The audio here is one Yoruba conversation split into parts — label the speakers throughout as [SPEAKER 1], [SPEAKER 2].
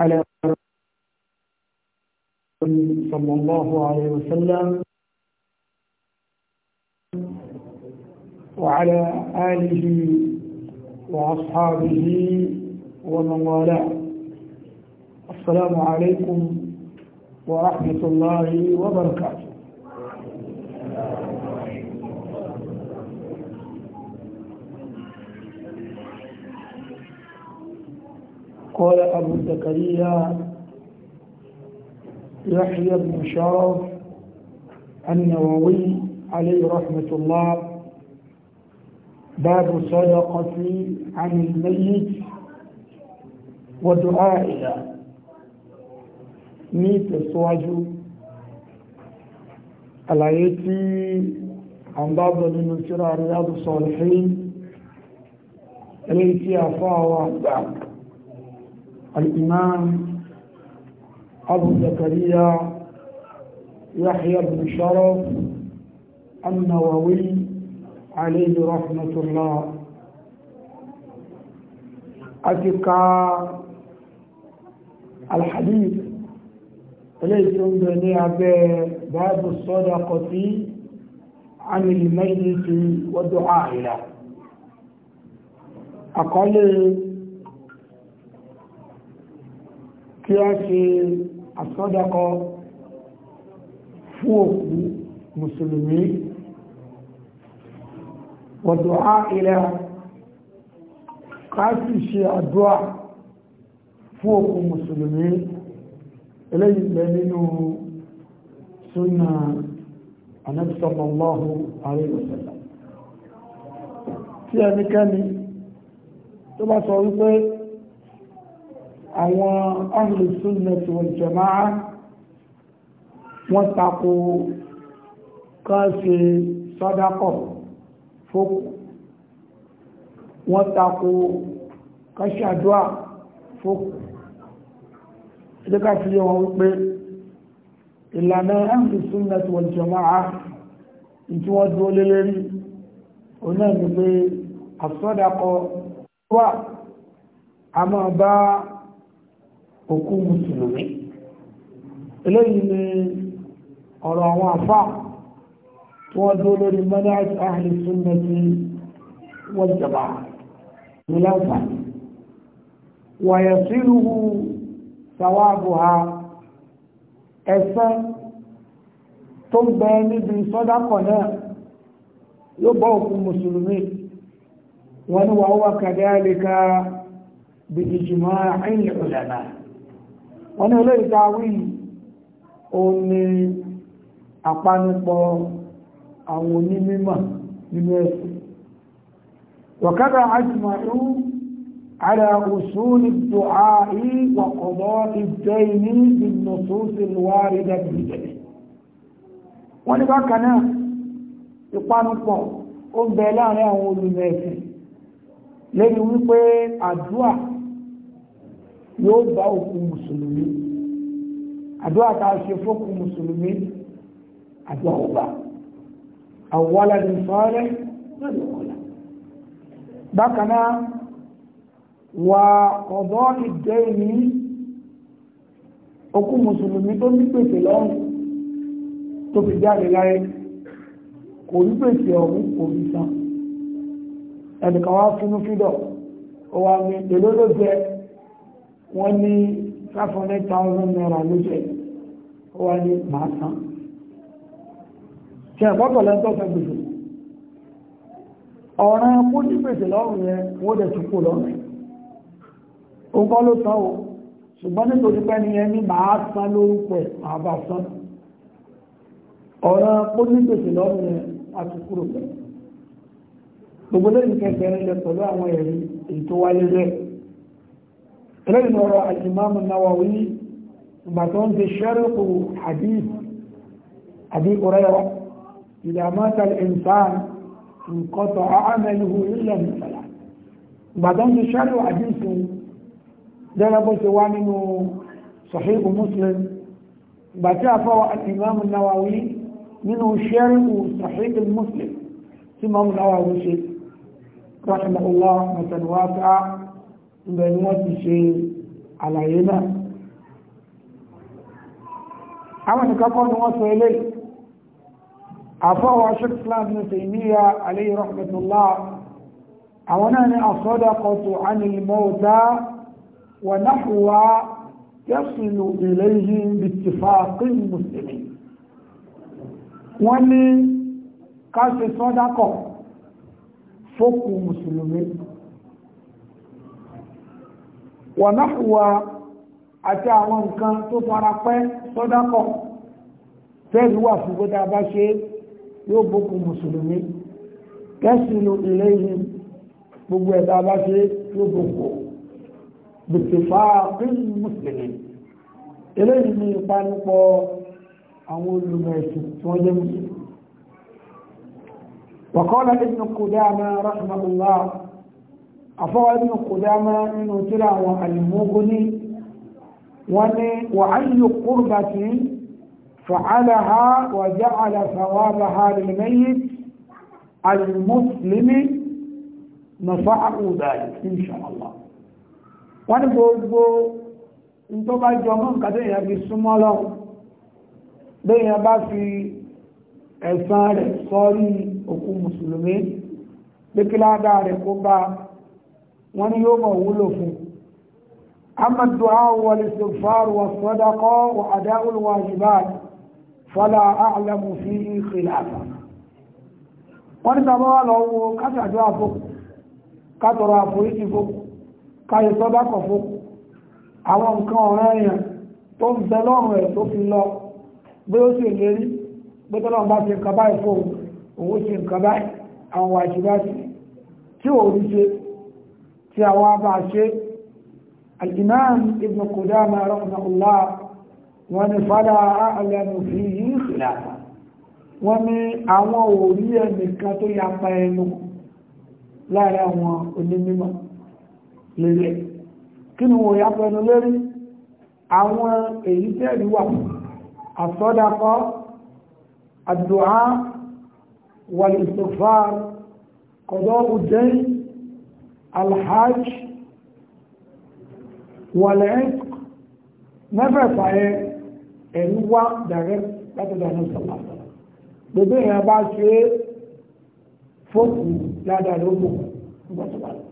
[SPEAKER 1] على صلى الله عليه وسلم وعلى آله وأصحابه ومن والاه السلام عليكم ورحمة الله وبركاته قال أبو الزكريا يحيى بن شرف النووي عليه رحمة الله باب صدقة عن الميت ودعاء ميت السواجو الآيتي عن بعض من الشرع رياض الصالحين التي أفاها بعد الإمام أبو زكريا يحيى بن شرف النووي عليه رحمة الله أتقى الحديث ليس بني باب الصدقة عن الميت والدعاء له أقل kí a ṣe àsọdọkọ fún òkú mùsùlùmí wọ̀dọ̀ á ilẹ̀ ká sì ṣe àdúrà fún òkú mùsùlùmí eléyìí bẹ nínú súnà Ànábì sallallahu tí ẹnikẹ́ni tó bá sọ wípé àwọn ahlu sunnah wal jama'a wọ́n tako kan ṣe sọ́dákọ̀ fókù wọ́n tako kan ṣe àdúrà fókù ẹ̀dẹ́ká fi yẹ wọn wípé ìlànà ahlu sunnah wal jama'a ìtí wọ́n dúró lé lérí oná ní pé àsọ́dákọ̀ wà a máa òkú mùsùlùmí eléyìí ni ọ̀rọ̀ àwọn àfà tí wọ́n dúró lórí manhaj ahli sunnati wal jamaa ní láǹfààní wa yasiluhu sawabuha ẹ̀san tó ń bẹ níbi sọ́dákọ̀ náà yóò bá òkú mùsùlùmí wọn ni wàá wà kadhalika bi ijma'il ulama wọ́n ní olóyìn tá wí òun ni àpanupọ̀ àwọn onímímọ̀ nínú ẹ̀sìn wọ̀kádà ajma'u ala usul ad-du'a wa qada' ad-dayn bin-nusus al-warida bihi wọ́n lẹ́yìn wípé àdúà yóò bá òkú mùsùlùmí àdúrà tá a ṣe fókù mùsùlùmí àdúrà ọba àwọlá ní sọ́ọ́rẹ́ lọ́dọ̀ ọ̀la bákan náà wà ọ̀dọ́ ìjẹ́ ìní òkú mùsùlùmí tó ní pèsè lọ́rùn tó fi jáde láyé kò ní pèsè ọ̀hún kò ní san ẹnìkan wá fínú fídọ̀ ó wà ní èlò ló jẹ́ wọ́n ní five hundred thousand naira lóṣẹ̀ ó wá ní màá san ṣe ẹ̀kọ́kọ̀ lẹ́tọ́ fẹ́ gbèsè ọ̀ràn kó ní gbèsè lọ́rùn yẹn wọ́n dẹ̀ tún kó lọ́rùn ó kọ́ ló san o ṣùgbọ́n nítorí pé ẹni yẹn ní màá san lórúkọ ẹ̀ màá bá san ọ̀ràn kó ní gbèsè lọ́rùn yẹn a tún kúrò pẹ̀lú gbogbo lẹ́yìn kẹsẹ̀ rẹ̀ pẹ̀lú àwọn ẹ̀rí èyí tó wáyé rẹ̀ eléyìí lọ́rọ̀ al-Imam an-Nawawi ìgbà tó ń ṣe sharhu hadith Abi Hurayrah idha mata al-insan inqata'a 'amaluhu illa min salat ìgbà tó ń ṣe sharhu hadith gẹ́gẹ́ bó ṣe wá nínú Sahih Muslim ìgbà tí a fọwọ́ al-Imam an nínú sharhu ibẹ̀ ni wọ́n ti ṣe àlàyé náà àwọn nìkan kọ́ ni wọ́n sọ eléyìí àfọwọ́ sheikh islam ní tèmíyà alayhi rahmatullah àwọn náà ni àsọ́dọ̀kọ̀tù anilmọ́ta wà náhùwá yẹ́sùlù ilayhim bittifaqin muslimin wọ́n ní ká ṣe sọ́dákọ̀ fókù mùsùlùmí wọ̀náhùwà àti àwọn nǹkan tó fara pẹ́ sọ́dákọ̀ tẹ́lú wà fún gbọ́dá bá ṣe yóò bókù mùsùlùmí kẹ́sìlú ilé yìí gbogbo ẹ̀dá bá ṣe yóò bókù bìtìfà fún mùsùlùmí eléyìí ní ìpanupọ̀ afọwọ́ ibn Qudama nínú tíra àwọn al-Mughni wọ́n ní wà ayyu qurbatin fa'alaha wa ja'ala thawabaha lil-mayyit al-muslimi nafa'ahu dhalik insha Allah wọ́n ní gbogbo tó bá jọ mọ́ nǹkan tó yẹn fi súnmọ́ bá fi ẹ̀san rẹ̀ sọ́rí òkú mùsùlùmí pé rẹ̀ kó bá wọ́n ní yóò mọ̀ wúlò fún amma du'a wal istighfar was sadaqa wa ada'ul wajibat fala a'lamu fi khilafa wọ́n ní tàbí wà lọ́wọ́ kásàdó àfó kátọrọ àforíjì fó káyọ̀ sọ́dákọ̀ fó àwọn nǹkan ọ̀rẹ́ èèyàn tó ń bẹ lọ́rùn ẹ̀ tó fi lọ bí ó sì lérí pé tọ́lọ́run bá ṣe nǹkan báyìí fóun òun ṣe nǹkan báyìí àwọn wàjúbá sí tí òun ṣe tí a wá bá ṣe al-imam ibn Qudama rahimahullah wọ́n ní fala a'lamu fihi khilafa wọ́n ní àwọn òrí ẹnìkan tó yapa ẹnu láàrin àwọn onímọ̀ lélẹ̀ kí ni wọ́n yapa ẹnu lérí àwọn èyí tẹ́ẹ̀rí wà àsọ́dakọ́ àdùá wal-istighfar qada'u ad-dayn alhaj wàlẹ́ẹ̀k mẹ́fẹ̀ẹ̀fà yẹ ẹ̀rí wá dàrẹ́ látọ̀dọ̀ àná sọ̀lá gbogbo èèyàn bá ṣe é fóòkù ládàá ló bò nígbà tó bá lọ.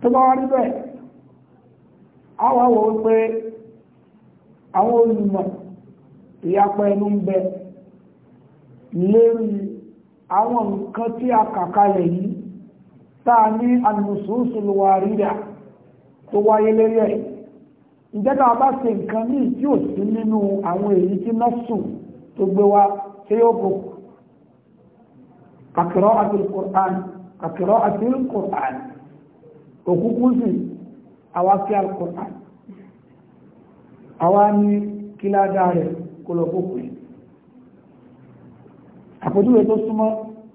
[SPEAKER 1] tó bá wá níbẹ̀ àwọn àwọn pé àwọn olùmọ̀ ìyapọ̀ ẹnu ń bẹ lérí àwọn nǹkan tí a kàkalẹ̀ yìí táa ní an-nususul warida tó wáyé lérí ẹ̀ ìjẹ́ta bá ṣe nǹkan ní tí ò nínú àwọn èyí tí nọ́ọ̀sù tó gbé wa tí ó kò kàkìrọ́ kàkìrọ́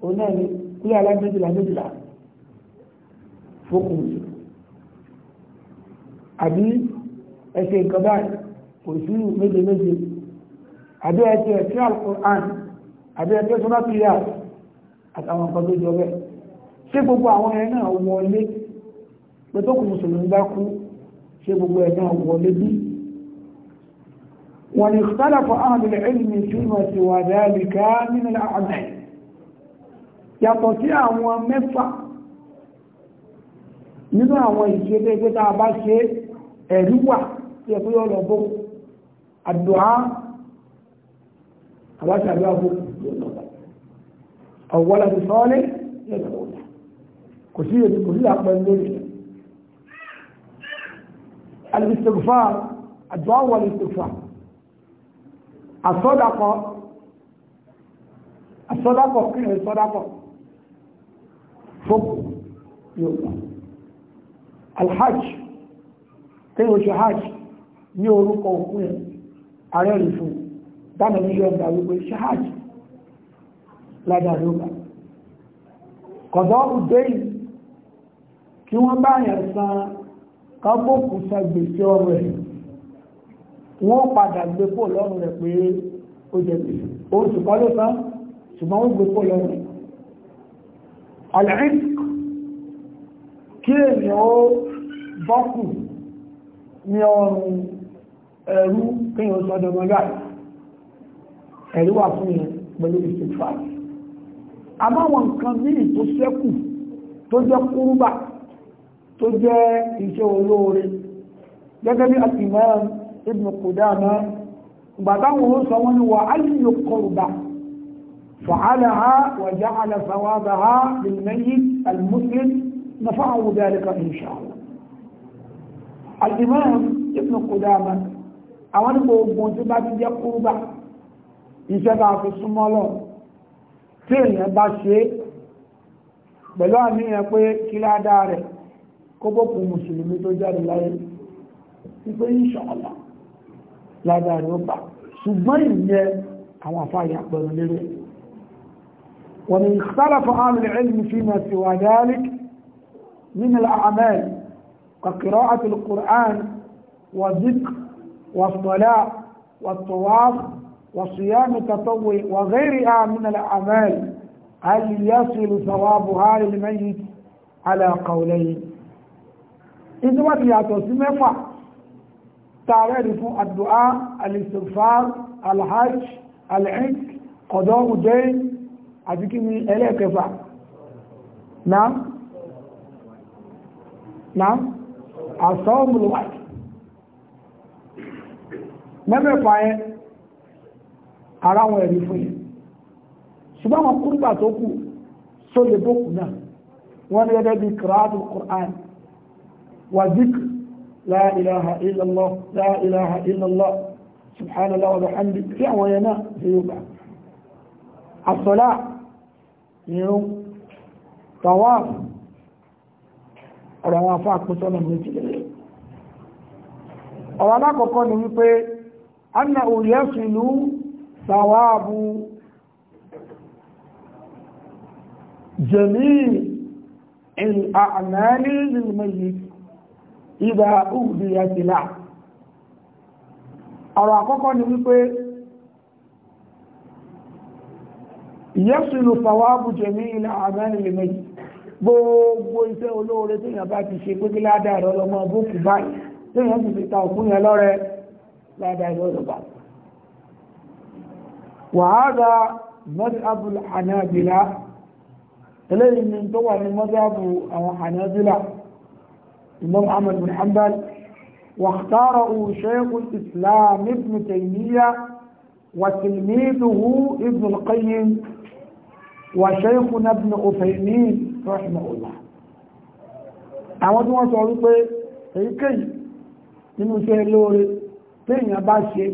[SPEAKER 1] òun náà ni kúlẹ̀ alágbèjìlá méjìlá fókùn sí àbí ẹsẹ̀ nǹkan báyìí kò sí méje méje àbí ẹsẹ̀ ẹ̀sẹ̀ alukur'an àbí ẹsẹ̀ sọ́nà kìlíà àtàwọn nǹkan tó jọ bẹ́ẹ̀ ṣé gbogbo àwọn ẹ̀ náà wọlé pé tó kù mùsùlùmí bá kú ṣé gbogbo ẹ̀ náà wọlé bí wọ́n ni ìtàlàfọ̀ àwọn ilẹ̀ ẹ̀lùmí tí wọ́n ti wà dáadìí ká nínú àmì yàtọ̀ sí àwọn mẹ́fà nínú àwọn ìṣẹ́lẹ̀ pé tá a bá ṣe ẹ̀rí wà tí ẹ̀kú yọ lọ bókù àdùá àbáṣà àdúrà bókù ọ̀wọ́lá ti sọ́ọ́lẹ̀ kò sí èdè kò sí àpẹ lórí alìsìtìfà àdùá kí ni sọdàkọ fún yóò gbà alhaj kéyìn oṣù hajj ní orúkọ òkú ẹ̀ ààrẹ rí fún dáná ní yọ̀ǹda wípé ṣe hajj ládàá ló gbà kọ̀dọ̀ ọ̀dẹ́yìn kí wọ́n bá yàn san kábòkù san gbèsè ọrọ̀ ẹ̀ wọ́n padà gbé pò lọ́rùn rẹ̀ pé ó jẹ gbèsè oṣù àlẹ́rìn kí èèyàn ó bọ́kù ní ọrùn ẹ̀rú kí èèyàn sọ́dọ̀ mọ́lá ẹ̀rí wà fún yẹn pẹ̀lú ìsìnkú àmọ́ àwọn nǹkan míì tó ṣẹ́kù tó jẹ́ kúrúbà tó jẹ́ iṣẹ́ olóore gẹ́gẹ́ bí al-Imam Ibn فعلها وجعل ثوابها للميت المسلم نفعه ذلك إن شاء الله الإمام ابن قدامة أولا بوبون تبا تجا قربة إشبع في السمالة تيل باشي pẹ̀lú àníyàn pé kí ládàá rẹ̀ kó bọ́kù mùsùlùmí الله، jáde láyé wípé ìṣọ̀ọ̀lá ládàá rẹ̀ ó bà ṣùgbọ́n ìyẹn àwọn àfáàyà ومن اختلف أهل العلم فيما سوى ذلك من الأعمال كقراءة القرآن والذكر والصلاة والطواف وصيام التطوع وغيرها من الأعمال هل يصل ثوابها للميت على قولين إذا ما تياتو سمفا تعرف الدعاء الاستغفار الحج العتق قضاء دين àti kí ni ẹlẹ́ẹ̀kẹfà náà náà àsọ́ọ̀mùlùwàdì mẹ́mẹ́fà ẹ ara wọn ẹ̀rí fún yẹn ṣùgbọ́n àwọn kúrúgbà tó kù sólè tó kù náà wọ́n ní gẹ́gẹ́ bí kìráàtù Qur'an wà zikr la ilaha illallah la ilaha subhanallah wa bihamdi kí àwọn yẹn náà ṣe yóò irun tawaf ọ̀rọ̀ àwọn afọ́ àpótọ́nà méjì ọ̀rọ̀ alákọ̀ọ́kọ́ ni wípé anna òyẹ́sìlú tawabu jẹ̀mí àmàlì ìlmẹ̀yì ìgbà ògùdíyà sílá ọ̀rọ̀ àkọ́kọ́ ni wípé yẹ́sùlù fàwábù jẹ̀mí ilẹ̀ àmẹ́rin lè mẹ́yì gbogbo iṣẹ́ olóore tí èèyàn bá ti ṣe pé kí ládàá rẹ ọlọmọ bókù báyìí tí èèyàn sì fi ta òkú yẹn lọ́rẹ ládàá rẹ ọlọmọ wàhálà mọ́sáàbù ànábìlá eléyìí ni tó wà ní mọ́sáàbù àwọn ànábìlá imam ahmed bin hanbal wàhálà òṣèkù islam ibn taymiya wa ibn qayyim وشيخنا ابن عثيمين رحمه الله àwọn tí wọ́n sọ wípé èyíkéyìí nínú iṣẹ́ lóore téèyàn bá ṣe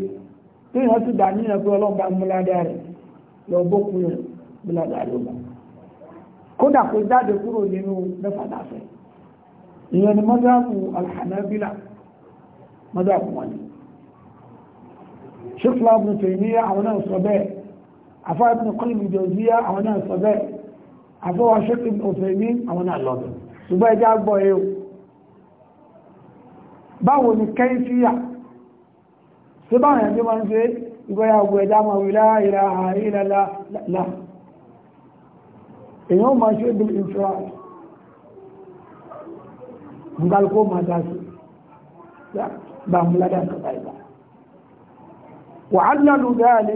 [SPEAKER 1] téèyàn sì dà níyàn pé ọlọ́gbà múládá rẹ̀ lọ bókun rẹ̀ múládá rẹ̀ lọ kódà kó jáde kúrò nínú mẹ́fà dáfẹ́ ìyẹn ni mọ́dáàbù alhànábílà mọ́dáàbù wọn ni ṣífúlà ibn Taymiyyah àwọn náà sọ bẹ́ẹ̀ àfáà Ibn Qayyim al-Jawziyya àwọn náà sọ bẹ́ẹ̀ àfọwọ́ ṣẹ́kì òfèmí àwọn náà lọ́dọ̀ ṣùgbọ́n ẹjá gbọ́ ẹ o báwo ni kẹ́ńfíyà ṣé báwọn ẹ̀mí wọn ṣe ìgbọ́yàwó ẹ̀dá máa wí la ilaha illallah èyàn máa ṣe bí ìfúráàlì ǹgbàlùkó máa dá sí bá mú ládàá kàbáyé wà á lọ́lù dáadé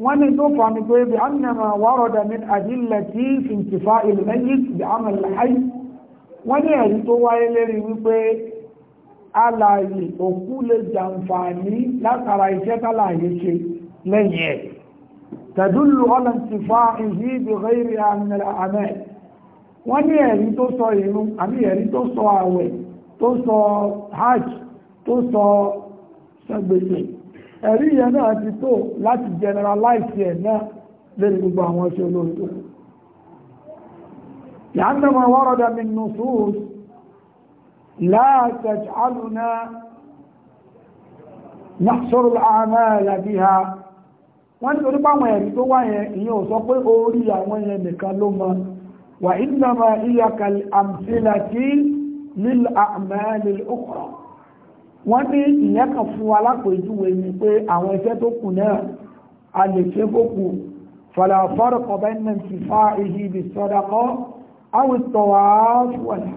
[SPEAKER 1] wọ́n ní tó fàmì pé bí annama wárọ̀dà min adillati fi intifa'il mayyit bi amal hayy wọ́n ní ẹ̀rí tó wáyé lérí wípé alààyè òkú lè jàǹfààní látara iṣẹ́ tálàyé ṣe lẹ́yìn ẹ̀ tẹ̀dúlù ọlọ́ntifá ìhí ibi rẹ́rì àmẹ́ wọ́n ní ẹ̀rí tó sọ ìrun àmì ẹ̀rí tó sọ àwẹ̀ tó sọ hajj tó sọ sọgbèsè ẹ̀rí yẹn náà ti tó láti generalize ẹ̀ náà lórí gbogbo àwọn iṣẹ́ olórí tó kù لأنما ورد من نصوص لا تجعلنا نحصر الأعمال بها wọ́n nítorí báwọn ẹ̀rí tó wá yẹn ìyẹn ò sọ pé orí àwọn yẹn nìkan ló mọ́ wà ìdínàmà ìyàkà àmsílà tí líl'àmàlì òkùnrin wọ́n ní ìyẹn kan fún alápèjúwe ni pé àwọn iṣẹ́ tó kù náà a lè ṣe kó kù fàlà fọ́rọ̀ kọ̀bẹ́nà ti fa èyí ibi sọ́dakọ́ àwọn ìtọ̀wà fúwàlà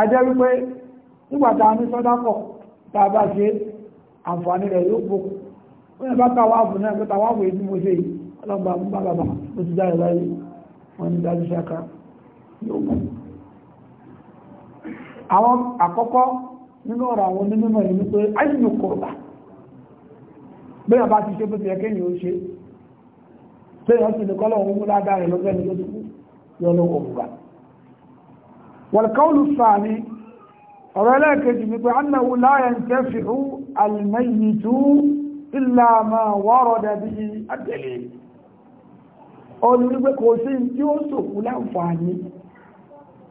[SPEAKER 1] ajẹ́ wípé nígbàtà ní sọ́dakọ̀ tá a bá ṣe àǹfààní rẹ̀ yóò kó wọ́n yẹ bá tàwáàfù náà pé tàwáàfù èyí mo ṣe ọlọ́gbà mú bàbà bó ti jáde láyé wọ́n ní dájú ṣáka yóò kù àwọn àkọ́kọ́ nínú ọ̀rọ̀ àwọn onímọ̀ yìí wípé ayínú kọ̀ọ̀bà bẹ́ẹ̀ bá ti ṣe bó ti yẹ kéèyàn ó ṣe bẹ́ẹ̀ wọ́n sì ní kọ́lọ̀ òun múlá dáre lọ́gbẹ́ ní lóṣù yọlọ òmùgbà wàlkọ́ọ̀lù fàní ọ̀rọ̀ ẹlẹ́ẹ̀kejì ni pé annahu la yantafi'u al-mayyitu illa ma warada bihi ad-dalil ó kò sí tí ó sòkú láǹfààní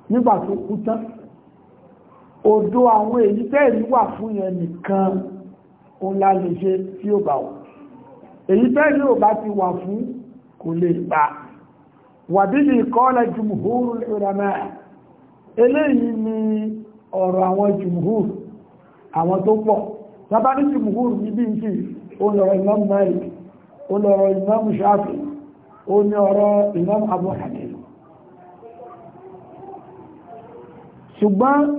[SPEAKER 1] nígbà tó kú tán odò àwọn èyí tẹ́ẹ̀rí wà fún yẹn nìkan òun la lè ṣe tí ó bá wà èyí tẹ́ẹ̀rí ò bá ti wà fún kò lè bá wàbílì kọ́lẹ̀ jùmùhúrù ìrànà eléyìí ni ọ̀rọ̀ àwọn jùmùhúrù àwọn tó pọ̀ sábà ní jùmùhúrù níbi ìsì olọ̀rọ̀ imam malik olọ̀rọ̀ imam shafi ó ní ọ̀rọ̀ imam abu hanifa ṣùgbọ́n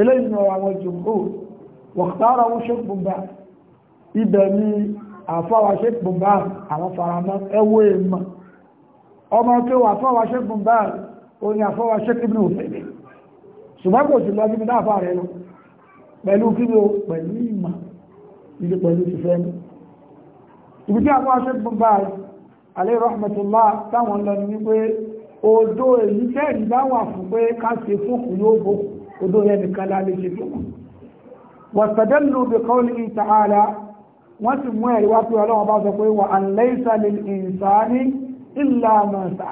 [SPEAKER 1] eléyìí náà àwọn jùmọ́ wọ̀tàrà ó ṣe gbùmbà ibẹ̀ ni àfáwà ṣe gbùmbà àwọn faramọ́ ẹwọ́ èèmọ̀ ọmọ tí ó àfáwà ṣe gbùmbà ó ní àfáwà ṣe kíbìnà òfèlè ṣùgbọ́n kò sí lọ sí ibi dáfà rẹ lọ pẹ̀lú kí ló pẹ̀lú ìmọ̀ ilé pẹ̀lú ti fẹ́ mi ibi tí àfáwà ṣe gbùmbà alẹ́ rahmatullah táwọn lọ ní pé odò èyí tẹ́ẹ̀rí bá fún pé ká ṣe fún yóò bókù odó yẹn nìkan la lè ṣe tókù wàsàdẹ́lù bí kọ́ọ̀lì ìtàhálà wọ́n sì mú ẹ̀rí wá pé ọlọ́wọ́n bá sọ pé wà àlẹ́sà lè ìsáni ìlà màsà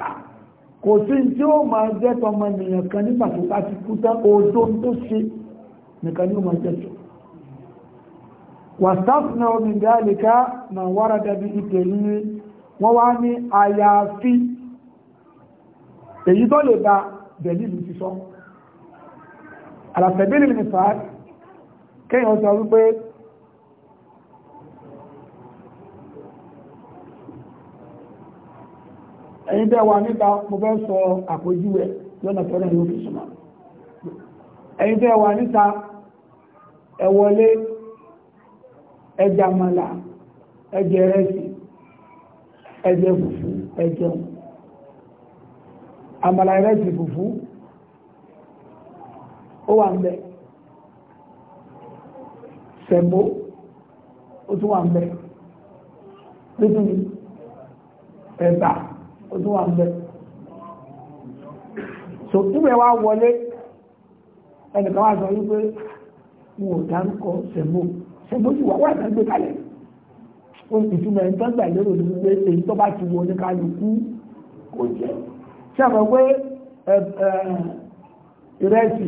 [SPEAKER 1] kò sí tí ó máa jẹ́ tọmọ ènìyàn kan nígbà tó bá ti kú tán odó tó ṣe nìkan ní ó máa jẹ́ tó wàsàfúnà omi gáàlìkà mà wára dàbí ìtẹ̀lú wọ́n wá ní àyàfi èyí tó lè ba bẹ̀lí ti sọ́kù àlàfẹ́bílì ní fàá kéyàn sọ wípé ẹ̀yin bẹ́ẹ̀ wà níta mo fẹ́ sọ àpójúwẹ lọ́nà tọ́rọ ní òfìsùnmá ẹ̀yin bẹ́ẹ̀ wà níta ẹ wọlé ẹ jẹ àmàlà ẹ jẹ ìrẹsì ẹ jẹ fùfú ẹ jẹun àmàlà ìrẹsì fùfú ó wà ń bẹ sẹ̀mbó ó tún wà ń bẹ nítorí ẹ̀bà ó tún wà ń bẹ so ìwẹ̀ wa wọlé ẹnìkan wá sọ wípé wọn ò dárúkọ sẹ̀mbó sẹ̀mbó sì wà wà ìdágbé kalẹ̀ ó ní ìtumọ̀ ẹni tó gbà lérò ní wípé èyí tó bá ti wọ ní kálukú kò jẹ́ ṣe pé ìrẹsì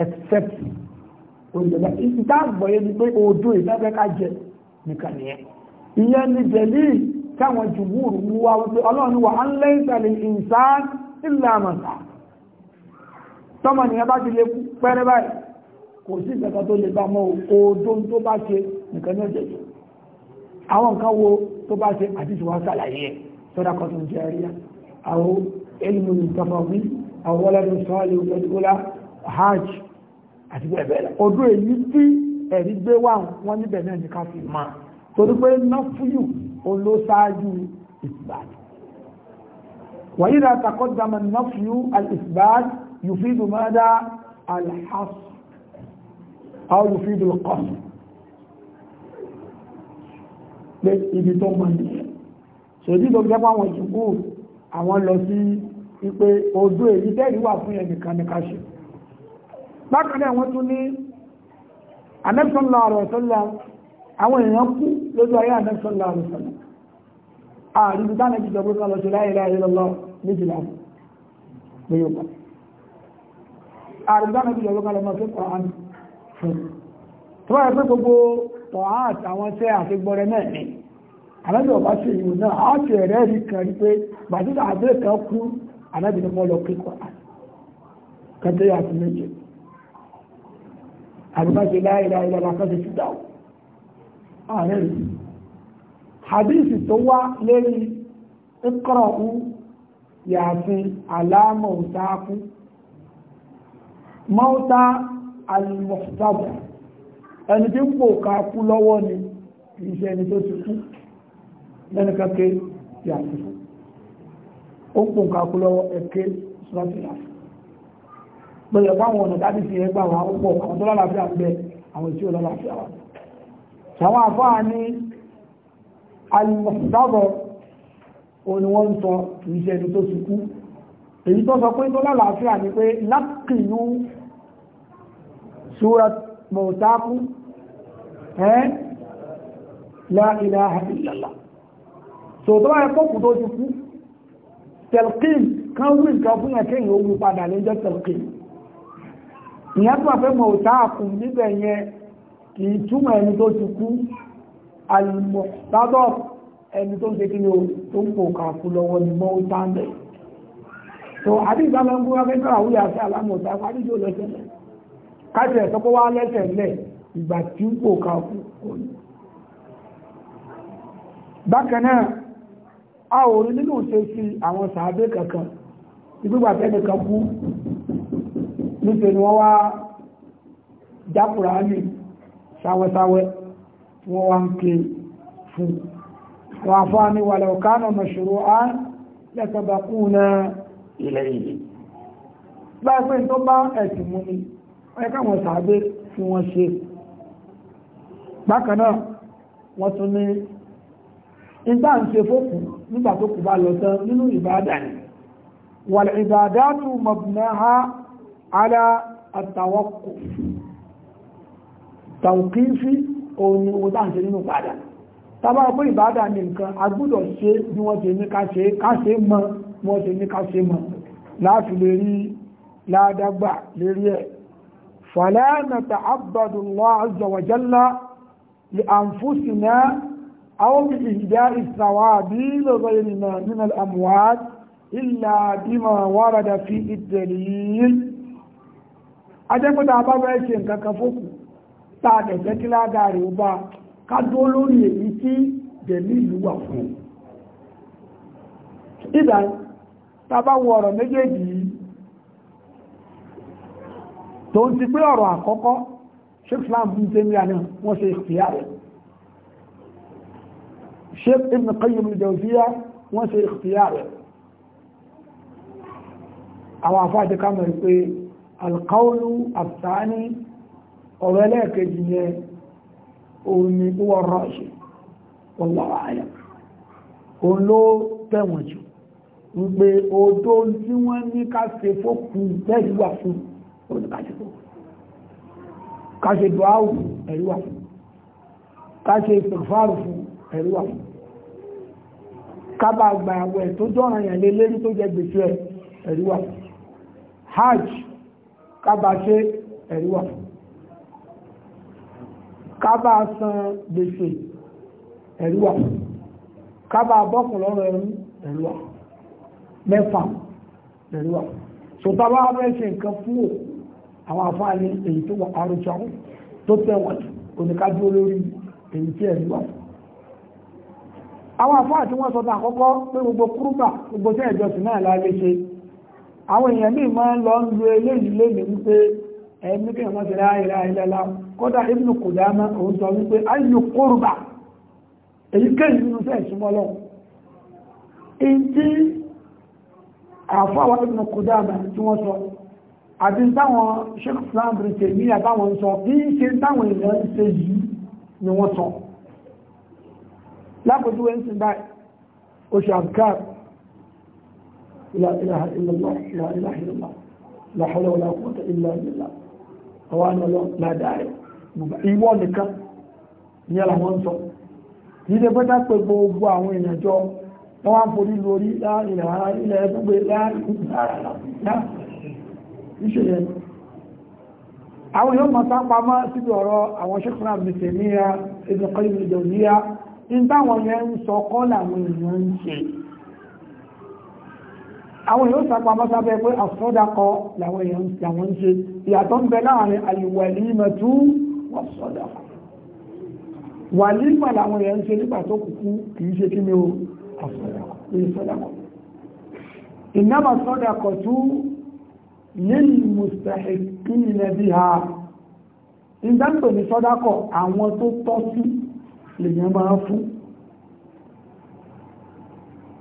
[SPEAKER 1] except olùdókòwò ìta àgbọ̀yé ni pé odò ìdáfẹ́ ká jẹ nìkan nìyẹn ìyẹn ni jẹ̀lí táwọn jùmúùrù mú wa wípé ọlọ́run wà á ń lẹ́yìn ìsàlẹ̀ ìsàn ilẹ̀ àmàta tọ́mọ nìyẹn bá ti lè kú pẹ́rẹ́ báyìí kò sí ìgbàgbà tó lè bá mọ odò tó bá ṣe nìkan náà jẹ̀jẹ̀ àwọn nǹkan wo tó bá ṣe àdìsí wa ṣàlàyé ẹ̀ sọ́dà kan jẹ́ ẹ̀rí àwọn èlùmọ̀ nìkan fún àwọn wọlé ní sọ́ọ́lì hajj àti bẹ́ẹ̀ lọ ọdún èyí tí ẹ̀rí gbé wà wọ́n níbẹ̀ náà ní ká fi máa torí pé náfúyù olóṣáájú isbat wàyí ra takọ́dàmà náfúyù al-isbat yufidu mada al-has aw yufidu al-qas pé ibi tó mọ̀ ní ṣèdí tó jẹ́ pàwọn ìṣùgbò àwọn lọ sí ipé ojú èyí tẹ́rí wà fún ẹnìkan ní ká ṣe bákanáà wọ́n tún ní anẹ́sọ́lá àrọ̀sọ́lá àwọn èèyàn kú lójú ayé anẹ́sọ́lá àrọ̀sọ́lá àrídù tánà jùlọ pé kọ́ lọ sí láyé láyé lọ́lọ́ méjìlá ní yorùbá àrídù tánà jùlọ pé kọ́ lọ sí kọ́hán tó wáyé pé gbogbo tọ́hán àtàwọn tẹ́ àṣegbọ́rẹ́ náà ní alábẹ̀ ọba ṣe ìwò náà á ṣe ẹ̀rẹ́ rí kan rí pé gbàdúrà àbẹ́ kan kú alábẹ̀ ni wọ́n lọ kíkọ́ kẹtẹ́ yà sí méjìlá àbúbáṣe láìlà ìlànà àkọ́sẹ̀ ṣúgbà ààrẹ rí hadisi tó wá lérí ìkọ̀rọ̀kú yàfin aláàmọ̀ta fún mọ́ta alìmọ̀tàbà ẹni tí ń pò ká kú lọ́wọ́ ni iṣẹ́ ẹni tó ti kú lẹ́nu kẹ́kẹ́ yàfin ó pò ká lọ́wọ́ ẹ̀kẹ́ sọ́tìyàfin pẹ̀lú fáwọn ọ̀nà tàbí fi ẹgbà wọn ó pọ̀ àwọn tó lálàáfíà ń bẹ àwọn tí ó lálàáfíà wà sàwọn àfáà ní alìmọ̀sítàbọ̀ òní wọ́n ń sọ ìṣẹ́ ẹni tó ti kú èyí tó sọ pé tó lálàáfíà ni pé lákìlú ṣúra mọ̀tákú ẹ́ so tó báyẹ pọ́kù tó ti kú tẹ̀lkín kan wí nǹkan fún ẹ̀kẹ́yìn ó padà lẹ́jọ́ tẹ̀lkín ìyẹn tó wà pé mọ̀ òtáàkùn níbẹ̀ yẹn kì í túmọ̀ ẹni tó ti kú alìmọ̀tádọ̀ ẹni tó ń ṣe o tó ń pò kàkú lọ́wọ́ ni mọ́ òtáàbẹ̀ tó àti ìgbàlọ́ ń gún wá fẹ́ẹ́ àwúyẹ àti àlámọ̀tá wájú yóò lẹ́sẹ̀ lẹ̀ káṣí ẹ̀ sọ́kọ́ wá lẹ́sẹ̀ lẹ̀ ìgbà tí ń pò kàkú kò a ò rí nínú ṣe sí àwọn sàábé kankan níṣẹ́ ni wọ́n wá jápùrá ní sáwẹ́sáwẹ́ wọ́n wá ń ké fún wọ́n afọ́ ní wà lọ́kánà mọ̀ṣòro á lẹ́tọ̀bàkú na ilẹ̀ yìí láìpẹ́ tó bá ẹ̀sìn mú ni ẹ̀kàwọn sàábé tí wọ́n ṣe bákan náà wọ́n tún ní ìgbà ń ṣe fókù nígbà tó kù bá lọ tán nínú ìbádà ni wal ibadatu mabnaha ala àtàwọ́kù tàùkífí òun ni wọ́n tàà ń ṣe nínú padà tàbá pé ìbádà ní nǹkan agbúdọ̀ ṣe bí wọ́n ṣe ní káṣe káṣe mọ́ wọ́n ṣe ní káṣe mọ́ láti lè rí ládágbà lérí ẹ̀ fàlẹ́nà tààbàdù Allah azza wa jalla li anfusina aw bi ihda'i sawabil ghayrina min al-amwat illa bima warada fi ad-dalil ajẹ́pẹ́ta abábẹ́ ṣe nǹkan kan fókù táa tẹ̀tẹ́ kí ládàá rẹ̀ ó bá ká dúró lórí èyí tí dẹ̀lí ìlú wà fún ìdá tàbá wo ọ̀rọ̀ méjèèjì yìí tó ń ti pé ọ̀rọ̀ àkọ́kọ́ sheikh islam bin taymiya náà wọ́n ṣe ìfìyà rẹ̀ sheikh ibn qayyim àwọn afọ́ àti kámọ̀ rí pé alkaulu àtàní ọ̀rọ̀ ẹlẹ́ẹ̀kejì yẹn òun ni wọ́n rọ́ṣì wallahu a'lam òun ló tẹ̀wọ̀n jù wípé odó tí wọ́n ní ká ṣe fókù bẹ́ẹ̀ wà fún òun ká ṣe fókù fún ká ṣe fún ẹ̀rí fún ká àwẹ̀ tó jọ́ràn yàn lé lérí tó jẹ gbèsè ẹ̀rí fún hajj kábà ṣe ẹ̀rí wà kábà san gbèsè ẹ̀rí wà kábà bọ́kùn lọ́rọ̀ ẹ̀rú ẹ̀rí wà mẹ́fà ẹ̀rí wà sọ̀tà bá fẹ́ ṣe nǹkan fún o àwọn afáàní èyí tó wà àrùjọ tó tẹ̀wọ̀n oníkájú olórí èyí tí ẹ̀rí wà fún àwọn àfáà tí wọ́n sọ ní àkọ́kọ́ pé gbogbo kúrúbà gbogbo tí ẹ̀jọsìn náà láàrin ṣe àwọn èèyàn ní máa ń lọ ń lo eléyìí léde wípé ẹni kí wọ́n ti láàyè láìlẹ́lá kódà Ibn Qudama òun sọ wípé ayò kórùbà èyíkéyìí nínú fẹ́ ìsúnmọ́ lọ́wọ́ èyí tí àfọwọ́ Ibn Qudama tí wọ́n sọ àti táwọn sheikh islam britain ní àtàwọn ń sọ kí í ṣe táwọn èèyàn ń ṣe yìí ni wọ́n sọ lápòtú ẹ̀ ń sìn báyìí oṣù abdul لا إله إلا الله لا إله إلا الله لا حول ولا قوة إلا بالله àwọn àlọ́ ládáre ìwọ nìkan ní àwọn sọ nílé bẹ́tà pé gbogbo àwọn èèyàn jọ wọ́n wá ń forí na ilẹ̀ ara ilẹ̀ àwọn yóò mọ̀ sápamọ́ síbi ọ̀rọ̀ àwọn ṣẹ́kùnrin àbìsẹ̀ ní ìdọ̀kọ́ ìrìnlẹ̀ òníyá ní táwọn yẹn ń sọ kọ́ làwọn èèyàn ń ṣe àwọn èèyàn sàpamọ́ sábẹ́ pé àsọdakọ làwọn èèyàn làwọn ń ṣe ìyàtọ̀ ń bẹ láàrin àlìwàlímọ̀tú wàsọdakọ wàlímọ̀ làwọn èèyàn ń ṣe nígbà tó kúkú kì í ṣe kí ni o àsọdakọ ìsọdakọ ìnáma sọdakọ tú lílì ni nẹbí ha ìdáǹtò ní sọdakọ àwọn tó tọ́ sí lèèyàn máa fún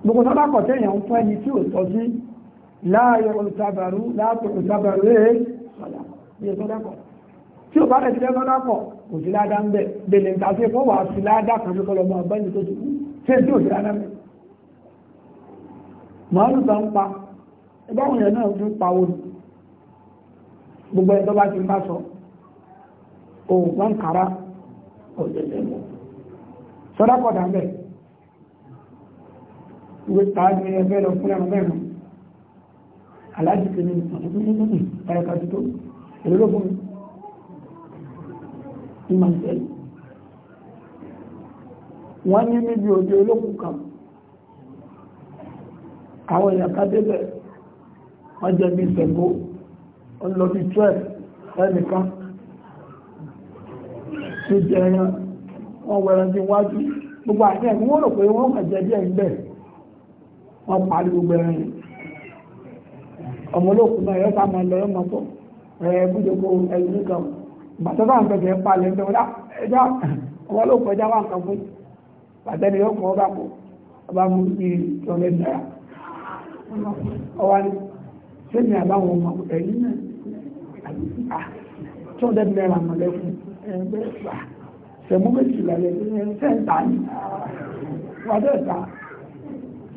[SPEAKER 1] gbogbo sábà kọ̀ tẹ́yàn fún ẹni tí ò tọ́ sí láàyè olùtabarú láàtò olùtabarú rẹ̀ eh, sọ̀dà bí ẹ sọ́dà kọ̀ tí ò bá rẹ̀ ti lẹ́ sọ́dà kọ̀ kò sí ládá ń bẹ̀ bèlè nǹkan sí fún wàá sí ládá kan sí kọlọmọ ọgbẹ́ni tó ti ṣe tí ò sí ládá mẹ́. màálù tó ń pa ẹgbẹ́ òun yẹn náà fi ń pa owó ni gbogbo ẹ̀ tó bá ti ń bá sọ òun oh, kan kàrá ọ̀jẹ̀jẹ̀ sọ́dà kọ̀ dà ń bẹ̀ ìwé tààdì ẹgbẹ́ lọ fún ẹran mẹ́rin aláàjì pé ní ọdún ẹ̀ka tó èlò ló fún mi máa ń tẹ́lẹ̀ wọ́n ní níbi òde olókùn kan àwọn èèyàn ká débẹ̀ wọ́n jẹ́ bí ìṣẹ̀gbó lọ bí 12 ẹnìkan tó jẹ ẹran wọ́n wẹ̀rẹ̀ bí wájú gbogbo àti ẹ̀kún wọ́n rò pé wọ́n kà jẹ́ bí ẹ̀ ń wọ́n parí gbogbo ẹran yìí ọmọ olókùn náà yọ́ta máa lọ yọ́mọ tó ẹ̀ gbúdógbò ẹ̀yìn nìkan bàtọ́ bá ń fẹ̀fẹ̀ ń palẹ̀ ń tẹ́wọ́n ẹjọ́ ọmọ olókùn ẹjá wà ń kan fún bàtẹ́ni yọ́kùn ọba kò ọba mú ní ìtọ́lẹ̀ náírà ọwá ní sẹ́mi àbáwọn ọmọ ẹ̀yìn náà tó dẹ́ náírà mọ̀lẹ́ fún ẹgbẹ́ sẹ̀mú méjìlá lẹ́yìn sẹ́ńtà ní wàdẹ́ta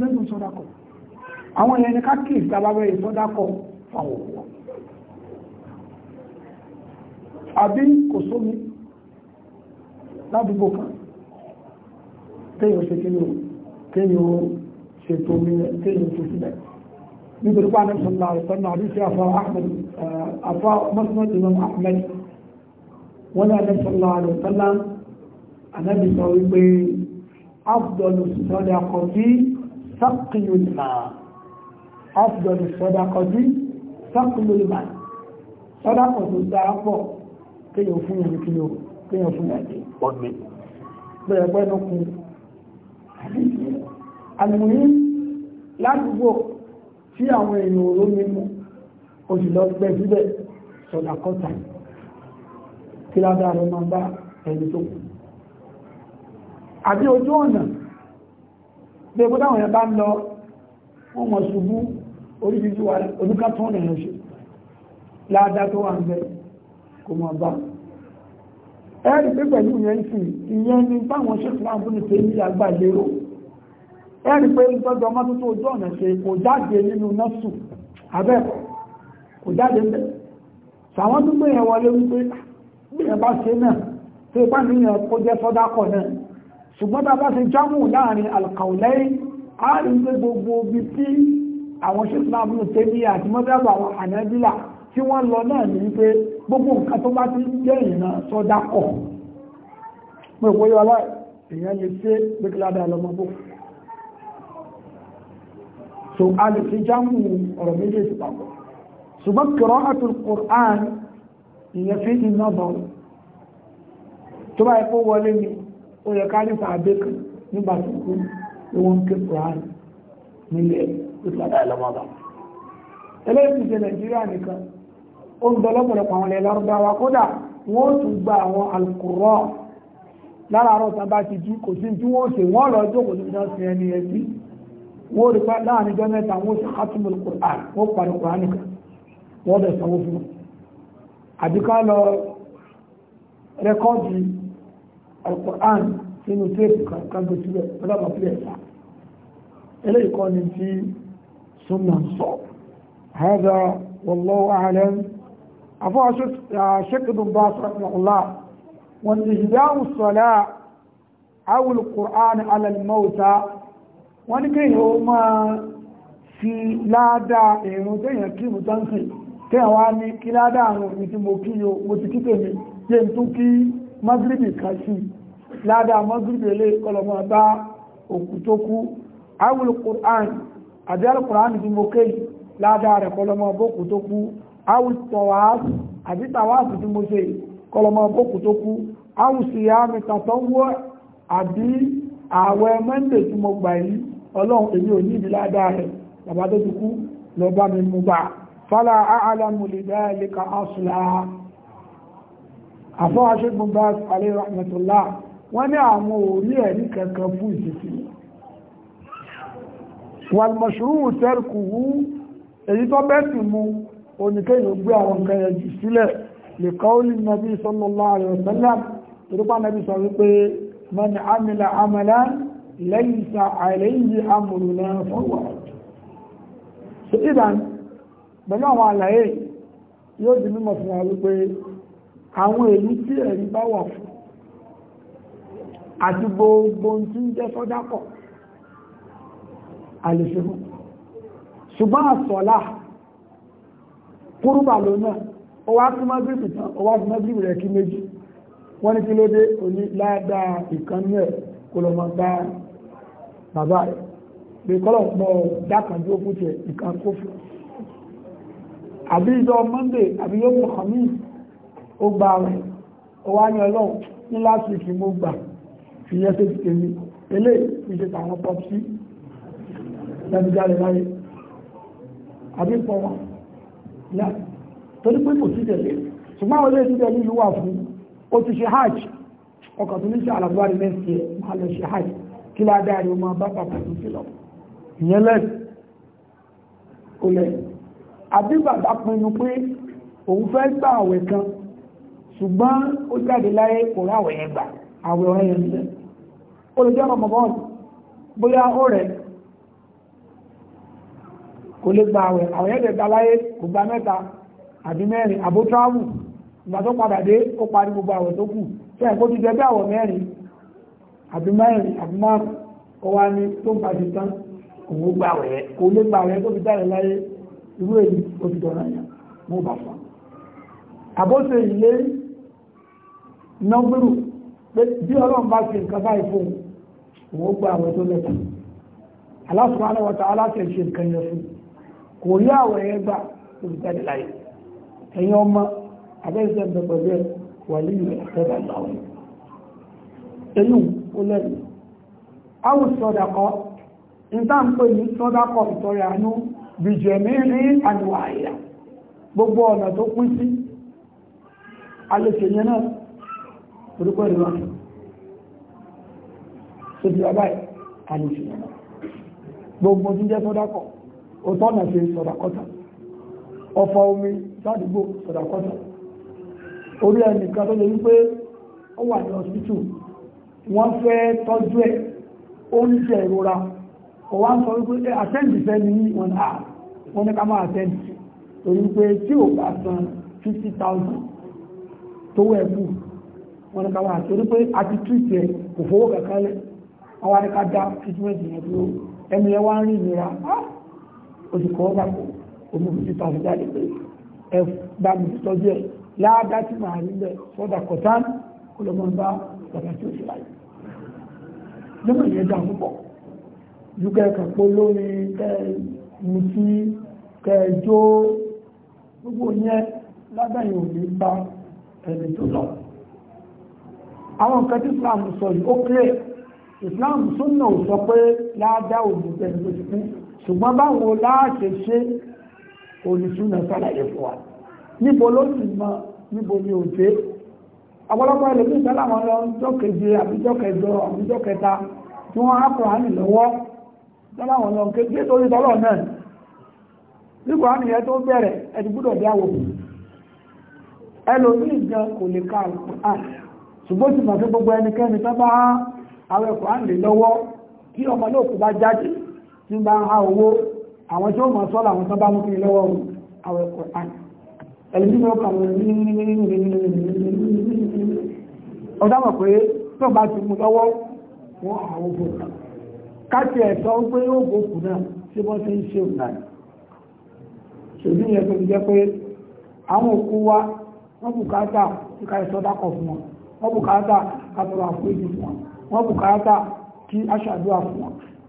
[SPEAKER 1] lẹ́nu sọ́dákọ̀ àwọn ẹni káàkiri ìtàbábẹ́ ìsọ́dákọ̀ fàwọ̀ àbí kò sómi ládùúgbò kan kéyàn ṣe kéyàn ṣètò mílẹ̀ kéyàn tó sílẹ̀ nítorí pa ní sọ́lá ìsọ́nà àríṣẹ́ àfá mọ́sánà ìmọ̀ Ahmed wọ́n ní àríṣẹ́ sọ́lá àríṣẹ́ anábì sọ wípé afdọ́lù sọ́dá kọfí سقي الماء أفضل الصدقة سقي الماء صدقة الدعوة كي يفون الكيو كي يفون الكيو بيبنكم المهم ládùúgbò tí àwọn èèyàn oró mímú oṣù lọ gbẹ́ síbẹ̀ sọ̀dàkọ́ta kí ládàá rẹ̀ máa bá ẹni tó kù àbí ojú ọ̀nà bí ẹgbẹ́ táwọn yẹn bá ń lọ wọ́n mọ̀ ṣubú oríṣiríṣi wa olúkà tó ọ̀nà ẹ̀ṣù láàdá tó wà ń bẹ kò mọ̀ bá ẹ̀rì pé pẹ̀lú ìyẹn sì ìyẹn ni báwọn ṣe fún àbúrò tó ní àgbà lérò ẹ̀rì pé ìtọ́jú ọmọ tó tó ojú ọ̀nà ṣe kò jáde nínú nọ́ọ̀sù abẹ́ẹ̀kọ́ kò jáde ń bẹ sàwọn tó gbé yẹn wọlé wípé bí yẹn bá ṣe náà tó ipá nìyẹn kó jẹ́ sọ́dákọ̀ náà ṣùgbọ́n bá bá ṣe jámù láàrin alkaulai a rí pé gbogbo ibi tí àwọn ṣíṣláàmù tẹ́bí àti mọ́sáàbù àwọn ànábílà tí wọ́n lọ náà ní pé gbogbo nǹkan tó bá ti jẹ́ ìrìnà sọ́dá kọ̀ pé òwò yọ aláì èèyàn tó bá ẹ̀kọ́ wọlé ni ó yẹ kárífà abé kan nígbà tó kú tí wọ́n ń ké quran nílẹ̀ ìpàdà ìlọ́mọba eléyìí ti nàìjíríà nìkan ó ń dọlọ́pọ̀lọpọ̀ àwọn ilẹ̀ lárúbáwá kódà wọ́n tún gba àwọn alukùrọ̀ láràárọ̀ tá bá ti jí kò sí tí wọ́n ṣe wọ́n lọ jókòó sí ìjọ sí ẹni ẹbí wọ́n rí pa láàrin ìjọ mẹ́ta wọ́n ṣe khatimul quran wọ́n parí quran nìkan wọ́n bẹ̀ sanwó fún un àbíká lọ rẹ́kọ́ọ̀dì alukur'an nínú téèpù kan gbé síbẹ̀ ọlọ́mọ fílẹ̀ ẹ̀fà eléyìí kọ́ ni tí súnmọ̀ ń sọ hada wallahu a'lam afọ aṣẹ́kẹ̀dùn bá sọ́kùnrin ọ̀la wọn ni ìdáhùn sọ́lá awul qur'an ala al-mauta wọn ni kéèyàn ó máa fi ládàá èrò téèyàn kí mo tán sí kéèyàn wá ní kí ládàá àrùn mi tí mo kí yo mo ti kí tèmi jẹ́ n tún kí mọ́gírìbì kan sí ládá mọ́gírìbì ilé kọlọmọ bá òkú tó kú awul qur'an àbí alquran bí mo kéyì ládá rẹ̀ kọlọmọ bókú tó kú awul tawaf àbí tawaf bí mo ṣe kọlọmọ bókú tó kú awul siyami tatawwu àbí ààwẹ̀ mọ́ndé tí mo gbà yìí ọlọ́run èmi ò ní ìdíládá rẹ̀ bàbá tó ti kú lọ bá mi mú bá fálà àálàmù lè dá ẹ̀lẹ́ka asùlá àfọ́ aṣẹ́gun bá alẹ́ rahmatulá wọ́n ní àwọn orí ẹ̀rí kankan fún ìsìsì wàlmọ̀ṣúrù tẹ́rkù wú èyí tó bẹ́ẹ̀sì mú oníkẹ́yìn gbé àwọn nǹkan ẹ̀jù sílẹ̀ lè kọ́ọ̀lì nàbí sallallahu alaihi wasallam torípa nàbí sọ wípé man amila amalan laysa alayhi amruna fahuwa radd àwọn èyí tí ẹ̀rí bá wà fún àti gbogbo tí ń jẹ́ sọ́dápọ̀ àlèṣẹ́fún ṣùgbọ́n àsọ̀lá kúrúbà ló náà ó wá sí mọ́gírìbì tán ó wá sí mọ́gírìbì rẹ̀ kí méjì wọ́n ní kí ló dé oní ládàá ìkanú ẹ̀ kó lọ mọ́ bá bàbá rẹ̀ pé kọ́lọ̀ pọ̀ dákàndú ó fún tẹ̀ ìkan kó fún àbí ìjọ monday àbí yóò mú khamis ó gba rẹ̀ ó wá ní ọlọ́run ní last week mo gbà fìyẹ́ tó ti tèmi eléyìí fi ṣe tàwọn pọ́psí lẹ́bíjáde láyé àbí pọ̀ wọn yá torí pé kò sí tẹ̀lé ṣùgbọ́n àwọn eléyìí tẹ̀lé ìlú wà fún ó ti ṣe hajj ọkọ̀ tó ní ṣe àlàbúwárí mẹ́sì ẹ̀ máa lọ ṣe hajj kí ládàá rí o máa bá bàbá tó ti lọ ìyẹn lẹ́yìn ó lẹ́yìn àbí bàbá pinnu pé òun fẹ́ gbà àwẹ̀ kan ṣùgbọ́n ó jáde láyé kò ráwẹ̀ yẹn gbà àwẹ̀ ọ̀rẹ́ yẹn ṣe ó lè jẹ́ ọmọ bọ́ọ̀lù bóyá ó rẹ̀ kò lè gba àwẹ̀ àwẹ̀ yẹn gba láyé kò gba mẹ́ta àbí mẹ́rin àbó tíráàmù ìgbà tó padà dé ó parí gbogbo àwẹ̀ tó kù fẹ́ ẹ̀kọ́ ti jẹ́ bí àwọ̀ mẹ́rin àbí mẹ́rin àbí márùn ó wá ní tó ń pàṣẹ tán òun ó gba àwẹ̀ kò lè gba àwẹ̀ tó fi jáde láyé irú èyí ó ti dọ̀rọ̀ yẹn mo bà fún un ìlérí nọ́gbìrù bí ọlọ́run bá fi nǹkan báyìí fún òun gba àwọn tó lẹ́tà Allah subhanahu wa aláṣẹ ṣe nǹkan yẹn fún kò rí àwọ̀ ẹ̀yẹ gbà olùjáde láyé ẹ̀yin ọmọ abẹ́sẹ̀ bẹ̀bẹ̀ wà nínú ẹ̀sẹ̀dà láwọn ẹ̀yìn ó lẹ́nu àwọn sọ̀dàkọ́ níta ń pè ní ìtọ́rẹ àánú bìjẹ̀mí àyà gbogbo ọ̀nà tó pín sí alẹ́sẹ̀ yẹn náà orúkọ ìlú wọn sojú ọba yìí àlejò gbogbo tí jẹ́ sọ́dákọ̀ òtọ́ ọ̀nà ṣe omi sádùúgbò sọ̀dàkọ́ta orí ẹnìkan tó lè wípé ó wà ní ọ̀sítù wọ́n fẹ́ tọ́jú ẹ̀ oúnjẹ ìrora ó wá ń sọ wípé àtẹ́ǹdì fẹ́ ní wọn ah. à wọ́n ní ká máa torí pé tí ò bá san 50,000 tó wẹ̀ kù wọn ká wà torí pé a ti tú ìtẹ kò fowó kankan lẹ àwọn àríkà dá treatment yẹn dúró ẹnu yẹn wá ń rí ìnira ah, oṣù kọ́ bá kó omi fifty thousand jáde pé ẹ bá mi tọ́jú ẹ láàdá tí màá rí bẹ sọ́dà kọ̀tán kó lọ́mọ bá bàbá tí ó ṣe láyé lọ́mọ yẹn dá púpọ̀ dúkẹ́ kàpọ̀ lórí kẹ́ mutí kẹ́ jó gbogbo yẹn lábẹ́yìn òní bá ẹni tó lọ àwọn nǹkan tí islam sọ yìí ó clear islam súnà ò sọ pé láàdá òògùn tẹ̀lé tó ti kú ṣùgbọ́n báwo láàṣẹ ṣe olùsúnà sàlàyé fún wa níbo ló sì mọ níbo ni ò dé ọ̀pọ̀lọpọ̀ ẹlòmíì sálàmọ́ lọ jọ́ keje àbíjọ́ kẹjọ àbíjọ́ kẹta tí wọ́n á kọ̀ hánì lọ́wọ́ sálàmọ́ lọ keje torí tọ́lọ̀ náà nígbà hánì yẹn tó bẹ̀rẹ̀ ẹ̀dùgbúdọ̀ bí àwòrán ẹlòmíì gan kò lè ka àlùkò ṣùgbọ́n ti mọ̀ fún gbogbo ẹnikẹ́ni tó àwọn ẹ̀kọ́ à lọ́wọ́ kí ọmọ náà kò bá jáde tí bá ń ha owó àwọn tí ó mọ̀ sọ́lá àwọn tó mú kí lọ́wọ́ àwọn ẹ̀kọ́ à ẹ̀lẹ́mìnì wọ́n àwọn ń ṣe òǹdà ṣòdí fún wọn wọ́n bùkátà kátọrọ àforíjì fún wọn wọ́n kí fún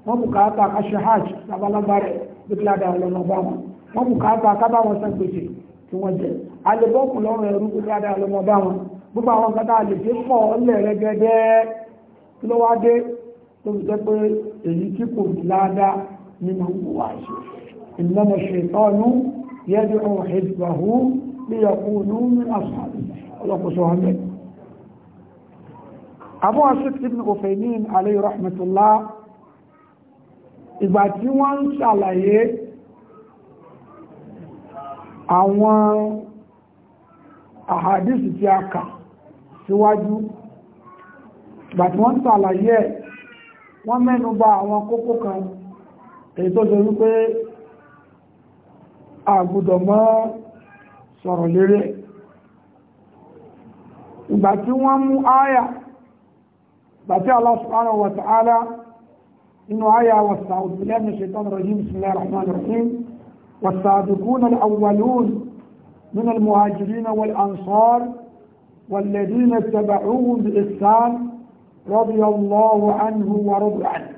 [SPEAKER 1] wọn wọ́n hajj labalábá rẹ̀ bíkíládà ọlọ́nà wọn wọ́n bùkátà kábà wọn san gbèsè tí wọ́n jẹ àlebọ́ọ̀kù lọ́rùn ẹ̀rú bíkíládà ọlọ́nà wọn gbogbo àwọn kátà lè kí ló wá dé tó fi jẹ́ pé èyí tí kò ní nínú ìwà ṣe abu asif ibn ofemin alayhi rahmatullah ìgbà tí wọ́n ń ṣàlàyé àwọn àhàdìsì tí a kà síwájú ìgbà tí wọ́n ń ṣàlàyé wọ́n mẹ́nu bà àwọn kókó kan èyí tó ṣe wípé àgùdọ̀ sọ̀rọ̀ lérè ìgbà tí wọ́n mú áyà بعد الله سبحانه وتعالى إنه آية والسعود بالله من الشيطان الرجيم بسم الله الرحمن الرحيم والصادقون الأولون من المهاجرين والأنصار والذين اتبعوهم بإحسان رضي الله عنه ورضي عنه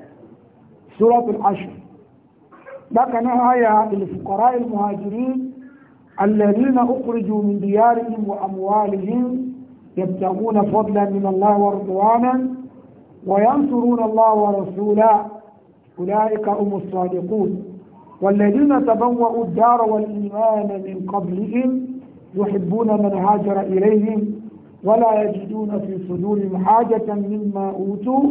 [SPEAKER 1] سورة العشر لكن آية للفقراء المهاجرين الذين أخرجوا من ديارهم وأموالهم يبتغون فضلا من الله ورضوانا وينصرون الله ورسوله أولئك هم الصادقون والذين تبوأوا الدار والإيمان من قبلهم يحبون من هاجر إليهم ولا يجدون في صدورهم حاجة مما أوتوا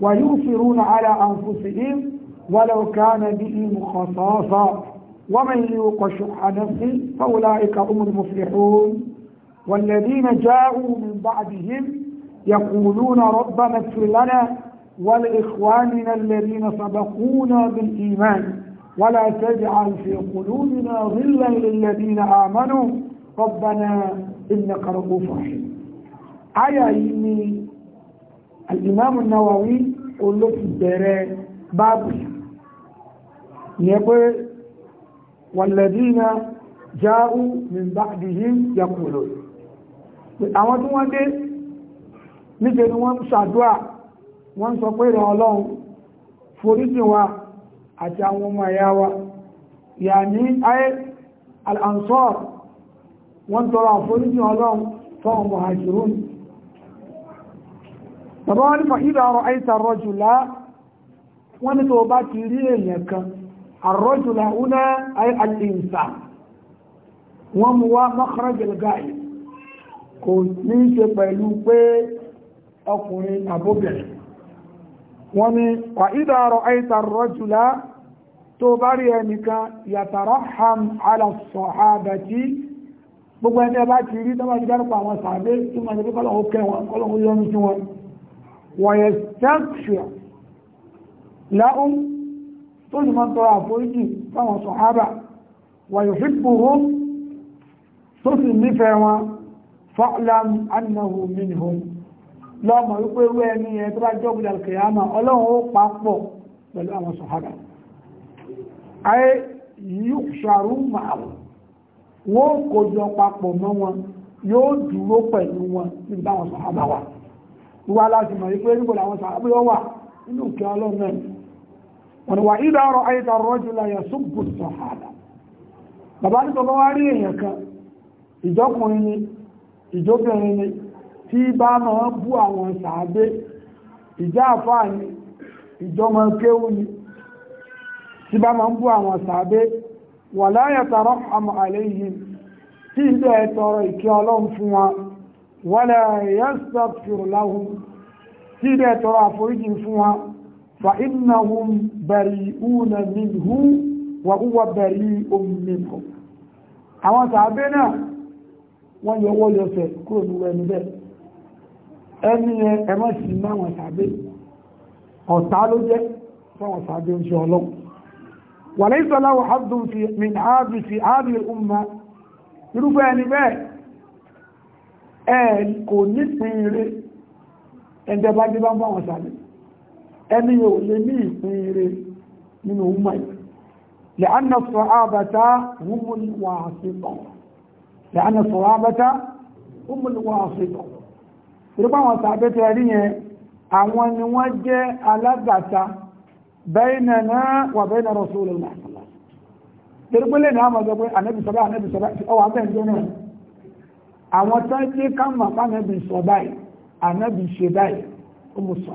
[SPEAKER 1] ويؤثرون على أنفسهم ولو كان بهم خصاصة ومن يوق شح نفسه فأولئك هم المفلحون والذين جاءوا من بعدهم يقولون ربنا اغفر لنا ولإخواننا الذين سبقونا بالإيمان ولا تجعل في قلوبنا غلا للذين آمنوا ربنا إنك رؤوف رحيم آية إني الإمام النووي قل له في الدراء بابي يقول والذين جاءوا من بعدهم يقولون أما تقول níṣẹ́ ni wọ́n ṣàdúà wọ́n sọ pé ìrọ̀ ọlọ́run foríjì wa àti àwọn ọmọ ẹ̀yà wa yà ní ayé al-ansar wọ́n tọrọ àforíjì ọlọ́run fọ́n muhajirun bàbá wọn ní fàídà ọrọ̀ àìsà rọ́jùlá wọ́n mú wá makhraj al-ghaib kò ní ṣe pẹ̀lú pé ọkùnrin àbóbìnrin wọ́n ní wà ìdàrọ̀ àìtàrọ̀jùlá tó bá rí ẹnìkan yàtàrọ̀ ham alàsọ̀ àbàtí gbogbo ẹni ẹbá ti rí tọ́bá ti dárúkọ àwọn sàbẹ́ tí ma jẹ́ kọ́lọ̀wọ́ kẹwọn kọ́lọ̀wọ́ yọnu fa'lam annahu minhum lọ́mọ wípé wé ẹni ẹ̀ tó bá jọ́ ọlọ́run ó papọ̀ pẹ̀lú àwọn sọ̀hádà ayé yíò ṣàrú màáwù wọ́n papọ̀ mọ́ wọn yóò dúró pẹ̀lú wọn nígbà táwọn sọ̀hádà wá láti mọ̀ wípé sọ̀hádà wà nínú kí ọlọ́run wà ìdá rọ́jù láyé sọ̀hádà rí èèyàn kan ìjọkùnrin ni ìjọbìnrin ni tí bá máa bú àwọn sàábé ìjà àfáà ni ìjọmọ kéwú ni tí bá máa bú àwọn sàábé wà láyé tààrọ àmọ àlẹ yìí tí ìjọ ẹ tọrọ ìkẹ́ Ọlọ́run fún wa wọlé ẹyẹ sọfìrì láhùn tí ìjọ ẹ wọ́n yọ wọ́n yọ fẹ́ kúrò níwẹ̀ ẹni ẹmọ́ sí máwọn sàbẹ́ ọ̀tá ló jẹ́ fáwọn sàbẹ́ oṣù ọlọ́run wà ní ìsọ́láwọ̀ abdùn fi min ààbì fi ààbì umma irúfẹ́ ẹni bẹ́ẹ̀ ẹ kò nípin ire ẹ̀ndẹ̀bá jẹ́ لأن الصحابة هم الواسطة لأن الصحابة هم الواسطة torípa àwọn sàbẹ́tẹ̀ rí yẹn àwọn ni wọ́n jẹ́ alágbàta bẹ́ẹ̀nà náà wà bẹ́ẹ̀nà Rasulullah torípẹ́lẹ̀ náà mọ̀ sọ pé ànẹ́bì sọ báyìí ànẹ́bì sọ báyìí ọwọ́ abẹ́ǹjẹ́ náà àwọn tó ń jẹ́ ká mọ̀ pé ànẹ́bì sọ báyìí ànẹ́bì ṣe báyìí ó mú sọ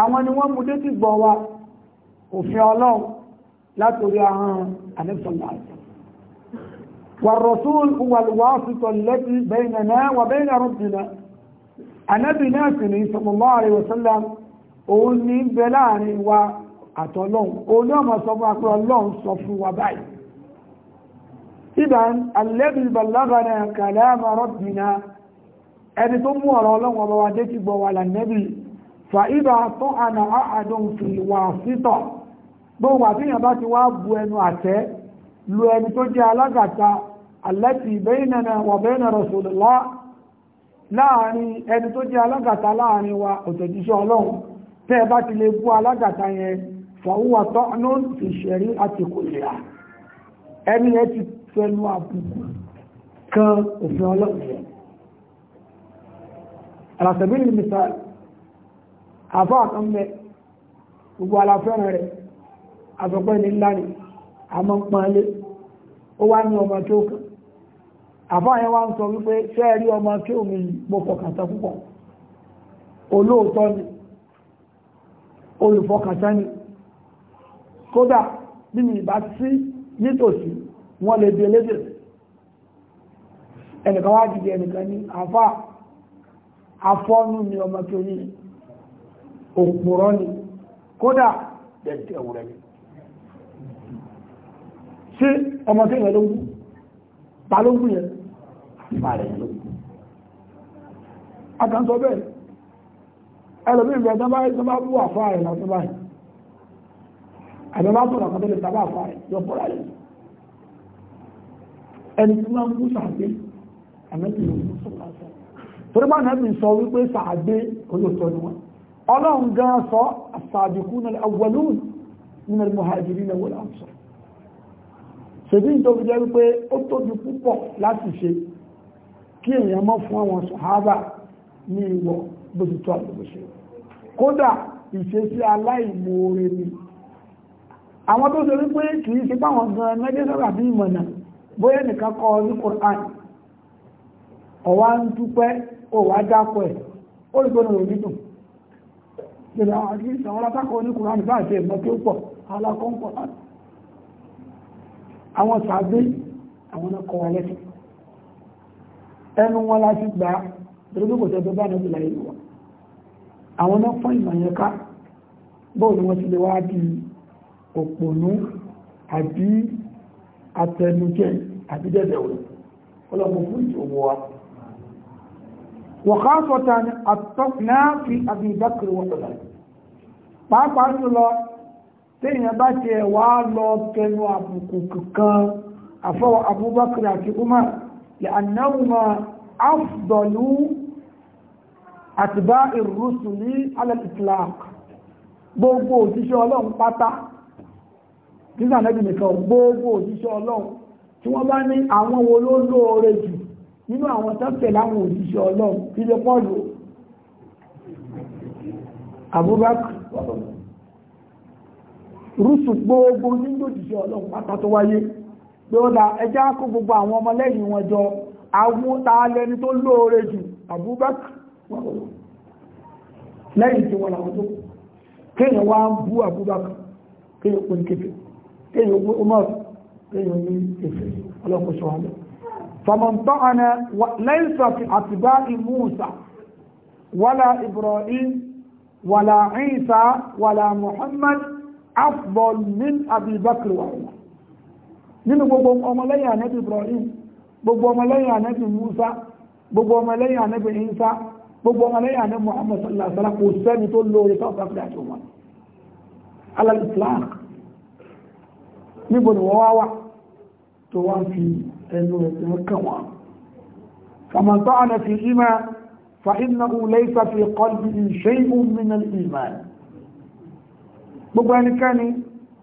[SPEAKER 1] àwọn ni wọ́n mú dé ti gbọ́ wa òfin ọlọ́run látòrí ahọ́n àlẹ́sọ̀lá wàrọ̀sùn wàlúwàásùtọ̀ lẹ́tí bẹ́ẹ̀nà wà bẹ́ẹ̀nà rọ̀bìnà anábì náà sì ní sallallahu alaihi wasallam òun ní bẹ láàrin wa àtọlọ́run òun ní ẹni tó mú ọ̀rọ̀ ọlọ́run ọba wa dé ti gbọ́ wa lànẹ́bì fàíbà tán àna àádọ́ fi wà sítọ̀ gbogbo àfihàn bá ti wá bu ẹnu àtẹ́ lu ẹni tó jẹ́ alágàta alẹ́tì bẹ́ẹ̀nà wà bẹ́ẹ̀nà Rasulullah láàrin ẹni tó jẹ́ alágàta láàrin wa òtẹ̀jíṣẹ́ ọlọ́run tẹ́ bá ti lè bú alágàta yẹn fàúwà tọ́nú fi ṣẹ̀rí àti kòlìyà ẹni yẹn ti fẹnu àbùkù kan òfin ọlọ́run àfá kan bẹ gbogbo aláfẹ́ràn rẹ̀ àfẹ́pẹ́ ní ńlá ni a mọ́ ń pọ́nlé ó wá ní ọmọ tí ó kàn àfá yẹn wá ń sọ wípé fẹ́ rí ọmọ tí omi mọ́fọkàtà púpọ̀ olóòótọ́ ni olùfọkàtà ni kódà nínú ìbá sí nítòsí wọ́n lè di elédè ẹnìkan wá dìde ẹnìkan ní àfá afọ́nú ni ọmọ tí ó nílẹ̀ òpùrọ́ ni kódà dẹ̀dẹ̀ ẹ̀wùrẹ́ ni ọmọ tí ìyẹn ló ń kú ta ló ń kú yẹn bá rẹ̀ ló ń kú àkàntọ́ bẹ́ẹ̀ ẹlòmí ìgbà tó bá tó bá bú àfọ́ àrẹ̀ tó báyìí bá sọ̀rọ̀ kan tó lè tàbá àfọ́ ẹni tí wọ́n ń kú sàgbé bá mi sọ wípé sàgbé ọlọ́run gan sọ as-sabiquna al-awwalun min al-muhajirin wal-ansar ṣèbí tó fi jẹ́ wípé ó tóbi púpọ̀ láti ṣe kí èèyàn mọ́ fún àwọn sàhábà ní ìwọ̀ bó ti kódà ìṣesí aláìmoore ni àwọn tó ṣe wípé kì í ṣe báwọn gan mẹ́gẹ́sọ̀rọ̀ àbí ìmọ̀nà bóyá nìkan kọ ní Qur'an ọ̀wá ń dúpẹ́ òwá dákọ̀ ẹ̀ ó rí gbọ́nà òní bẹ̀rẹ̀ àwọn àdíṣà wọn látákọ̀ ní kùránì bá àti ẹ̀mọ́ tí ó pọ̀ alákọ́ ń pọ̀ láti àwọn sàábé àwọn ọkọ̀ wà lẹ́sìn ẹnu wọn láti gbà torí kò tẹ́gbẹ́ bá nẹ́bí láyé wà àwọn náà fún ìmọ̀yẹn ká bóòlù wọn ti lè wá di òpònú àbí àtẹnujẹ àbí dẹ́dẹ̀ pàápàá jùlọ téèyàn bá ti ẹ̀ wá lọ tẹnu àbùkù kankan àfọwọ́ Abubakar àti Umar lè anáwùmá afdọ̀lú àtìbá ìrúsùlí alẹ́tìtìláàk gbogbo òjíṣẹ́ ọlọ́run pátá nígbà náà nìkan gbogbo òjíṣẹ́ ọlọ́run tí wọ́n bá ní àwọn wo ló lóore jù nínú àwọn tẹ́tẹ̀ láwọn òjíṣẹ́ ọlọ́run ilé pọ́ọ̀lù Abubakar rúsù gbogbo nínú òjìṣẹ́ ọlọ́run pátá tó wáyé pé ó da ẹjá kó gbogbo àwọn ọmọlẹ́yìn wọn jọ àwọn tààlẹ́ni tó lóore jù Abubakar lẹ́yìn tí wọ́n làwọn tó kéèyàn wá ń bú Abubakar kéèyàn pín kéfè kéèyàn pín Umar wala Ibrahim wàlà Ìsá wàlà Muhammad afdal min Abi Bakr wa Umar nínú gbogbo ọmọlẹ́yìn ànábì Ibrahim gbogbo ọmọlẹ́yìn ànábì Musa gbogbo ọmọlẹ́yìn ànábì Ìsá gbogbo ọmọlẹ́yìn ànábì Muhammad sallallahu alaihi wasallam kò sẹ́ni tó lóore south africa tó wọn alal islam níbo ni wọ́n wá wà tó wá fi ẹnu ẹ̀sìn kàn wọ́n kàmọ̀tọ́ àná fi ìmọ̀ فإنه ليس في قلبه شيء من الإيمان gbogbo ẹnikẹ́ni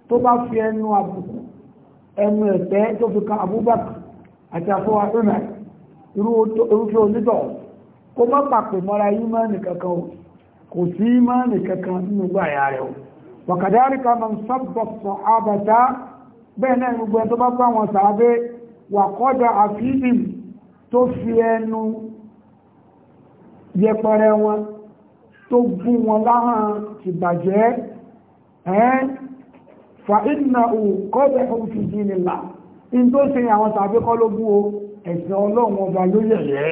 [SPEAKER 1] tó bá fi ẹnu àbùkù ẹnu ẹ̀tẹ́ tó fi kan abubakar àti àfọwà ẹ̀mẹ̀ irúfẹ́ onítọ̀ kó má pàpè mọ́ra ìmánì kankan kò sí ìmánì kankan nínú gbà ya rẹ̀ وكذلك من سب الصحابة bẹ́ẹ̀ náà gbogbo ẹ̀ tó bá bá wọn sàábé وقدح فيهم tó fi ẹnu yẹpẹrẹ wọn tó gún wọn láhàn ìbàjẹ́ ẹ́n fa ìdínà òkọ́bẹ̀ òfìdí nìlà in tó ṣe àwọn tàbí kọ́ ló gún o ẹ̀sìn ọlọ́run ọba ló yẹ̀yẹ́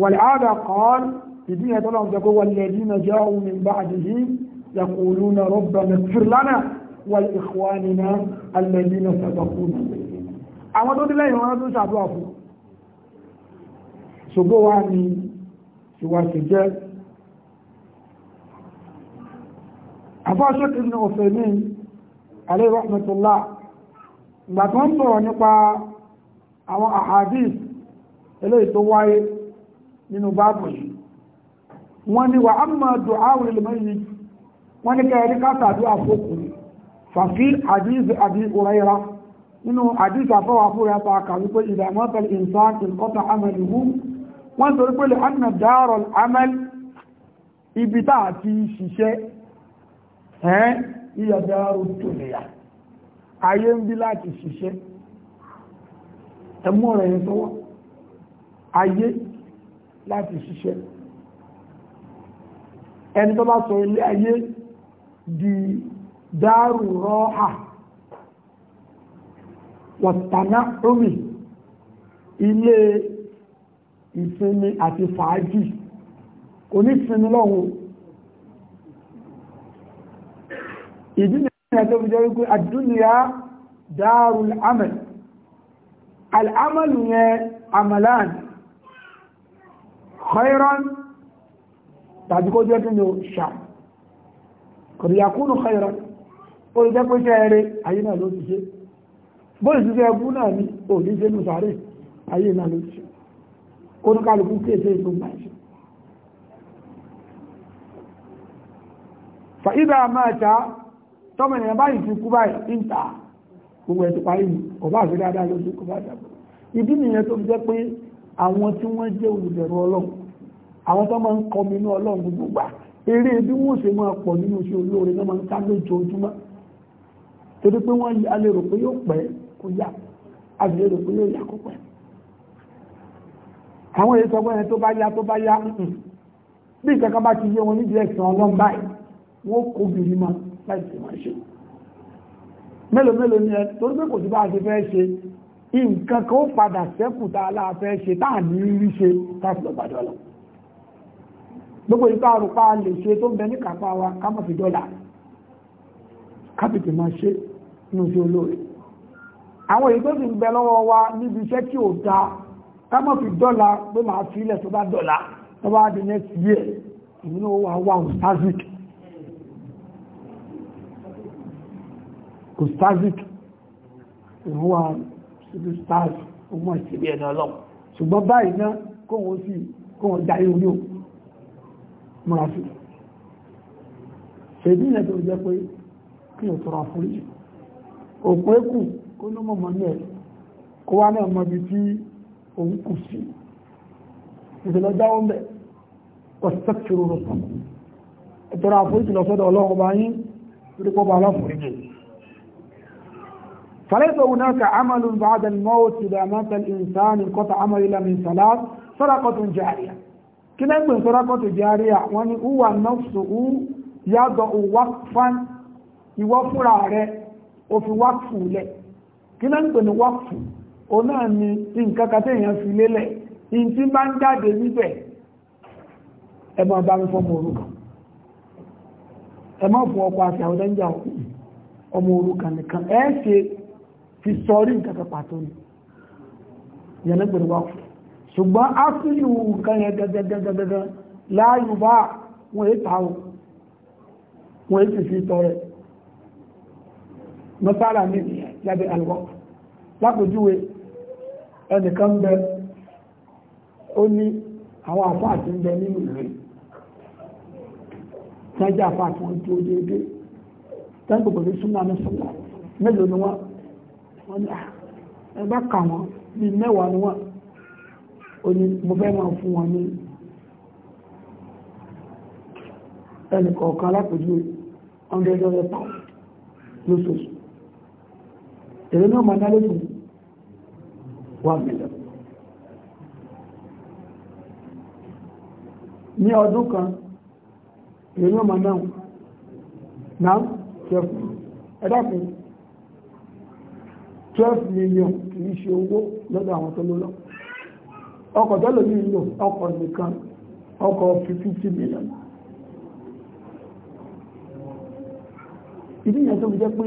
[SPEAKER 1] wàlẹ̀ ààrẹ kan ìdí ẹ̀ tọ́lọ́run jẹ́ pé wàlẹ̀ ìdínà jẹ́ ohun mi bá àdìyí يقولون ربنا اغفر لنا والإخواننا الذين سبقونا àwọn tó délẹ̀ ìran tó ṣàdúrà fún ṣùgbọ́n wá tí wá ṣe jẹ́ àfáṣẹ́kì ní ọ̀fẹ́ ní alayhi rahmatullah ìgbà tó ń sọ̀rọ̀ nípa àwọn ahadith eléyìí tó wáyé nínú báàbù yìí wọ́n ní wà amma du'a lil mayyit wọ́n ní kẹrì kátàdú àfókù fàfí hadith Abi wọ́n torí pé lè hànà dáàrọ̀ amẹ́l ibi táà ti ṣiṣẹ́ ẹ́ ìyà dáàrù tòlẹ̀yà ayé ń bí láti ṣiṣẹ́ ẹmú ọ̀rẹ̀ yẹn sọ́wọ́ ayé láti ṣiṣẹ́ ẹni tó bá sọ ilé ayé di dáàrù rọ́hà wọ̀tàná omi ilé ìsinmi àti fàájì kò ní sinmi lọ́wọ́ ìdí ni ìyá tó fi jẹ́ wípé àdúnyà dárul amal al'amalu yẹn amalan khairan tàbí kó jẹ́ tún yóò ṣà kò rí yakúnù khairan ó jẹ́ pé ṣe eré ayé náà ló ti ṣe bó ìsìnkú ẹgbú náà ní òní nù sáré ayé náà ló ti ṣe oníkàlùkù kéèsè gbogbo ẹ̀ṣẹ̀ fàídà mẹ́ta tọ́mọ̀ ènìyàn báyìí ti kú báyìí ìta gbogbo ẹ̀tù parí ọba àfi dáadáa lójú kó bá dàbò ìdí nìyẹn tó jẹ́ pé àwọn tí wọ́n jẹ́ olùbẹ̀rù ọlọ́run àwọn tó máa ń kọ mi ní ọlọ́run gbogbo gbà eré bí wọ́n ṣe máa pọ̀ nínú iṣẹ́ olóore àwọn èyí sọgbọ́n ẹni tó bá yá tó bá yá bí kankan bá ti yé wọn nídìí ẹ̀sìn ọlọ́run báyìí wọ́n kó bìrì mọ́ láì sí wọn ṣe mélòó mélòó ni ẹ torí pé kò sí bá a ṣe fẹ́ ṣe nǹkan kan ó padà sẹ́kù tá a láà fẹ́ ṣe táà ní rí ṣe táàfì lọ́gbàdọ́ lọ gbogbo ìta àrùpá lè ṣe tó ń bẹ ní kàpá wa ká mọ̀ fi dọ́là kápìtì máa ṣe nínú sí olóore àwọn èyí tó sì ń bẹ lọ́wọ́ wa níbi iṣẹ́ tí ò dáa ká mọ̀ fi dọ́là pé màá fi ilẹ̀ tó bá dọ́là tó bá di next year èmi náà wà wà ustazic ustazic èmi wà civil stars ọmọ ìsinmi ẹ̀nà ọlọ́pù ṣùgbọ́n báyìí náà kóhun sí kóhun darí orí o múra sí ṣèdí ilẹ̀ tó jẹ́ pé kí o tọrọ àforíjì òpó ẹkù kó ló mọ̀ mọ̀ ní ẹ̀ kó wá náà mọ̀ bí tí òun kù sí ìṣẹ̀lẹ̀ jáwọ́ mẹ́ ọ̀sẹ̀kìrò rọ̀sán ẹ̀tọ́rọ àforíjì lọ́sọ́dọ̀ ọlọ́run bá yín rípọ́ bá aláforíjì فليس هناك عمل بعد الموت إذا مات الإنسان انقطع عمل إلا من ثلاث صدقة جارية كنا نقول صدقة جارية وأن هو نفسه يضع وقفا يوفر عليه وفي وقفه له كنا نقول وقفه o náà ni nǹkan kan téèyàn fi lélẹ̀ in tí bá ń jáde níbẹ̀ ẹ máa bá mi fọmọ orúkọ ẹ má fún ọkọ àti àwọn ọdẹ́njà ọmọ orúkọ nìkan ẹ ṣe fi sọrí nǹkan kan pàtó ni yẹn gbèrè wá fún ṣùgbọ́n áfíìlì fi tọrẹ lápòjúwe ẹnìkan bẹ ó ní àwọn àfáà ń bẹ nínú rẹ̀ tẹ́jà àfáà tí wọ́n tó déédé tẹ́jà ní súnmọ́ súnmọ́ mélòó ni wọ́n wọ́n ní ẹ kà wọ́n bí mẹ́wàá ni wọ́n ó ní mo fẹ́ máa fún wọn ní ẹnìkọ̀ọ̀kan alápòjú hundred hundred pound lóṣooṣù èrè náà máa dá lóṣooṣù one million ní ọdún kan èyí ọmọ náà náà twelve ẹ̀dàkùn twelve million kìí ṣe owó lọ́dọ̀ àwọn tó lọ́lọ́ ọkọ̀ tẹ́lò ní ìlò ọkọ̀ nìkan ọkọ̀ fifty million ìdíyàn tó fi jẹ́ pé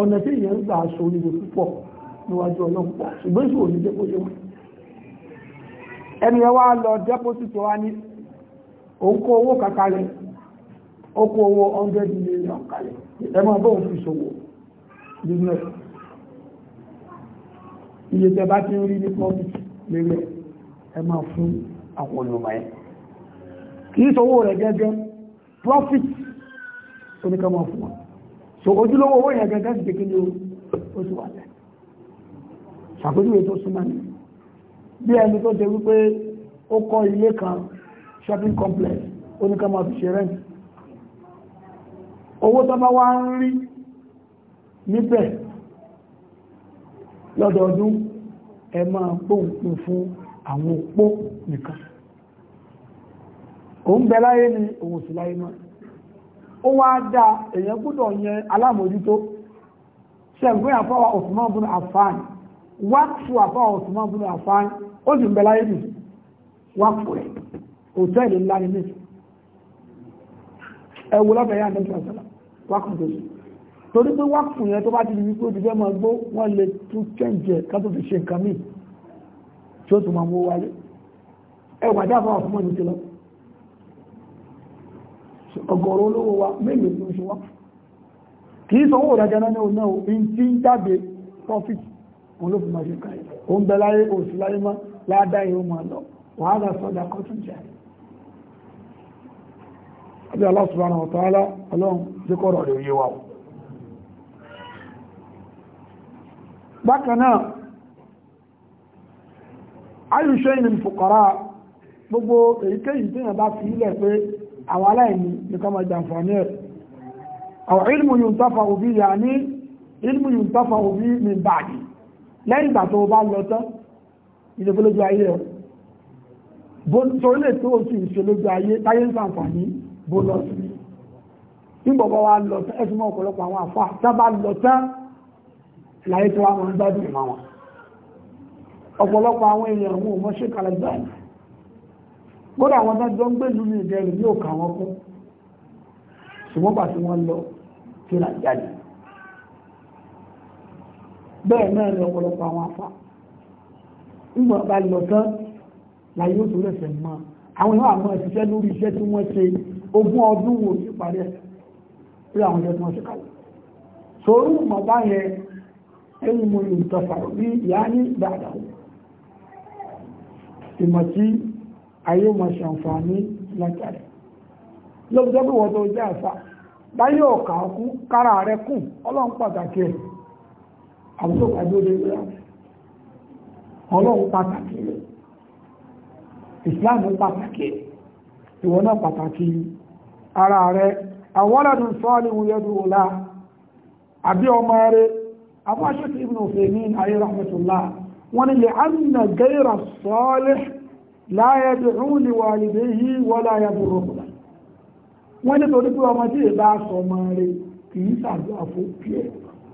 [SPEAKER 1] ọ̀nà tí ìyẹn ń gbà aṣọ oríire púpọ̀ níwájú ọlọ́run pọ̀ ṣùgbọ́n ìṣòwò ní dẹ́pọ́sí wọn ẹni ẹ wá lọ dẹ́pọ́sí tó wá ní òun kó owó kàkàlẹ̀ ó kó owó 100 million kalẹ̀ ẹ máa bọ́ òun fi ṣòwò business iye tẹ bá ti ń rí ní public lérí ẹ máa fún àwọn olùmọ̀ ẹ kì í sọwọ́ rẹ̀ gẹ́gẹ́ profit oníkà máa fún wọn so ojúlówó owó yẹn gẹ́gẹ́ sì kékeré oṣù ṣàpèjúwe tó súnmọ́ ni bí ẹni tó ṣe wípé ó kọ́ ilé kan shopping complex oníkan máa fi ṣe rent owó tó bá wá ń rí níbẹ̀ lọ́dọọdún ẹ máa gbóhùn fún àwọn opó nìkan òun bẹ láyé ni òun sì láyé mọ́ ó wá dá èèyàn gbọ́dọ̀ yẹn alámòójútó ṣẹ̀gbọ́n àfọwà Usman bin Affan wákfù àfá Usman bin Affan ó sì ń bẹ láyé nì wákfù ẹ̀ hòtẹ́ẹ̀lì ńlá ní méjì ẹ̀wù lọ́fẹ̀ẹ́ yá àdẹ́sì àṣàlá wákfù tó sì torí pé wákfù yẹn tó bá ti di wípé ó ti fẹ́ máa gbó wọ́n lè tún chẹ́ǹjẹ̀ ká tó fi ṣe nǹkan míì tí ó tún máa mú wáyé ẹwà dáfà Usman ní ti lọ ọ̀gọ̀rọ̀ olówó wa mélòó ló ń ṣe wákfù kì í náà ní òun náà ó ń tí profit olóògùn máa ṣe káyì ó ń bẹ láyé òsì láyé mọ́ ládàá yóò máa lọ wàhálà sọ́dà kọ́tún jẹ́ àbí Allah subhanahu wa ta'ala ọlọ́run tí kọ́rọ̀ rẹ̀ yé wa bákan náà ayùṣẹ́ ìlú gbogbo èyíkéyìí tí yàn bá fi ilẹ̀ pé àwọn aláìní nìkan máa jàǹfààní ẹ̀ àwọn ilmu yuntafa bi yani ilmu yuntafa bi min ba'di lẹ́yìn ìgbà tó bá lọ tán ìṣòfò lójú ayé ọ torí lè tó oṣù ìṣòfò lójú ayé táyé ń sàǹfààní bó lọ sí nígbà bá wa lọ tán ẹ̀sùn mọ́ ọ̀pọ̀lọpọ̀ àwọn àfà tá bá lọ tán láyé tó wá wọn gbádùn mọ́ wọn ọ̀pọ̀lọpọ̀ àwọn èèyàn wọn ò mọ̀ ṣe kalẹ̀ báyìí kódà àwọn adájọ́ ń gbé ìlú ní ìdẹ́rù yóò kà wọ́n kún ṣùgbọ́n pàtí wọ́n lọ tí ó là jáde bẹ́ẹ̀ náà ni ọ̀pọ̀lọpọ̀ àwọn afá ìgbà bá lọ tó lẹ́sẹ̀ mọ́ àwọn yóò àmọ́ ẹ̀ṣiṣẹ́ lórí iṣẹ́ tí ogún ọdún wo sí parí ẹ̀ pé àwọn iṣẹ́ tí ṣe kalẹ̀ sórí ìmọ̀ ẹni mo lè ìyá ní ìmọ̀ tí ayé mọ̀ ṣàǹfààní bí wọ́n tó jẹ́ àbúrò àdóde rẹ̀ ọlọ́run pàtàkì rẹ̀ ìsìláàmù pàtàkì ìwọ náà pàtàkì ara rẹ̀ àwọ́lọ́dún sọ́ọ̀lì wúyẹ́dù ọ̀la àbí ọmọ rẹ̀ afọ́ṣẹ́kì ibn wọ́n ni lè anna gẹ́rà sọ́ọ̀lì láyé sọọlị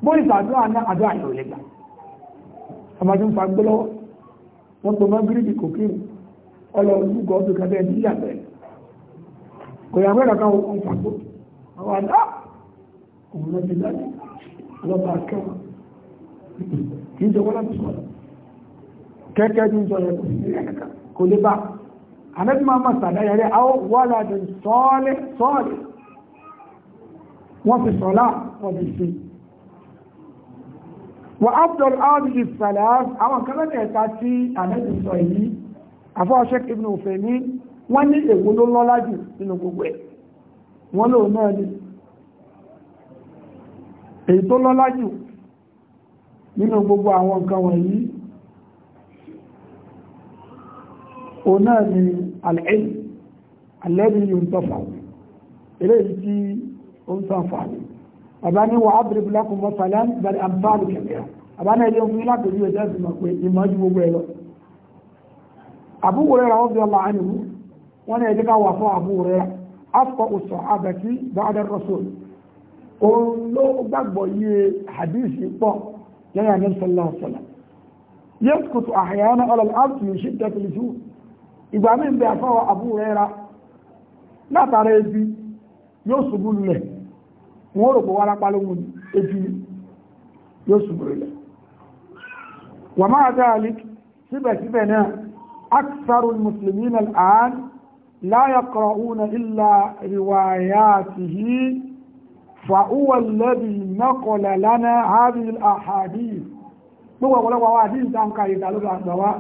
[SPEAKER 1] bóyí sàdúrà náà àdúrà yóò lè gbà ọmọdé ń fagbé lọ́wọ́ wọ́n tó máa gírígì kò kí ọlọ́ọ̀lúgọ́ ọdún kan bẹ́ẹ̀ níyà bẹ́ẹ̀ kò yà mẹ́rẹ̀ kan wọ́n fagbó àwọn àdá òun lọ sí dájú lọ́ba kẹwàá kì í jọwọ́ láti sọ̀rọ̀ kẹ́kẹ́ ní ìjọ yẹn kò sí nílẹ̀ kankan kò lè bá àmẹ́tí máa máa sàdá yẹrẹ àwọn wọ́lá sọ́ọ̀lẹ̀ sọ́ọ̀lẹ̀ wọ́n fi sọ̀lá wọ́n fi sí wà afdal áàbìlì salam àwọn kẹlẹ́kẹ̀ẹ́ta tí àlẹ́jù sọ yìí afọ́ọ̀ṣẹ́ ibn Uthaymin wọ́n ní èwo ló lọ́lá jù nínú gbogbo ẹ̀ wọ́n lò náà ni èyí tó lọ́lá jù nínú gbogbo àwọn nǹkan wọ̀nyí o náà ni al-ilm alladhi yuntafa eléyìí tí ó ń sàǹfààní àbáni wà ábìrì bùlákùn mọ́sálá bẹ̀rẹ̀ àǹfààní kẹ̀kẹ́ àbáni ẹ̀yẹ fún ilá pẹ̀lú ẹ̀dá ìmọ̀ pé ìmọ̀ ju gbogbo ẹ̀ lọ. àbúwòrẹ́ ra ọ̀bí ọlá ànìmú wọn ni ẹ̀dẹ́ká wà fún àbúwòrẹ́ ra afọ òsọ abẹ́tí bàdà rọ́sọ̀l òun ló gbàgbọ́ yé hadisi pọ̀ lẹ́yìn àná sọlá sọlá yẹn kùtù àhàyàn ọlọ́lá àti yìí ṣe ìgbà mi bẹ àfọwọ́ àbúwòrẹ́ ra látara ebi yóò ṣubú lulẹ̀ wọ́n rò pọ̀ wárápá lóhun ojú yóò ṣùgbọ́n ilẹ̀ wà máa dáàlì síbẹ̀síbẹ̀ náà aksarul muslimin al'an la yaqra'una illa riwayatihi fa'uwa alladhi naqala lana hadhihi al-ahadith gbogbo ọ̀pọ̀lọpọ̀ àwọn àdíjì tá ń ka ìdà lórí àgbàwá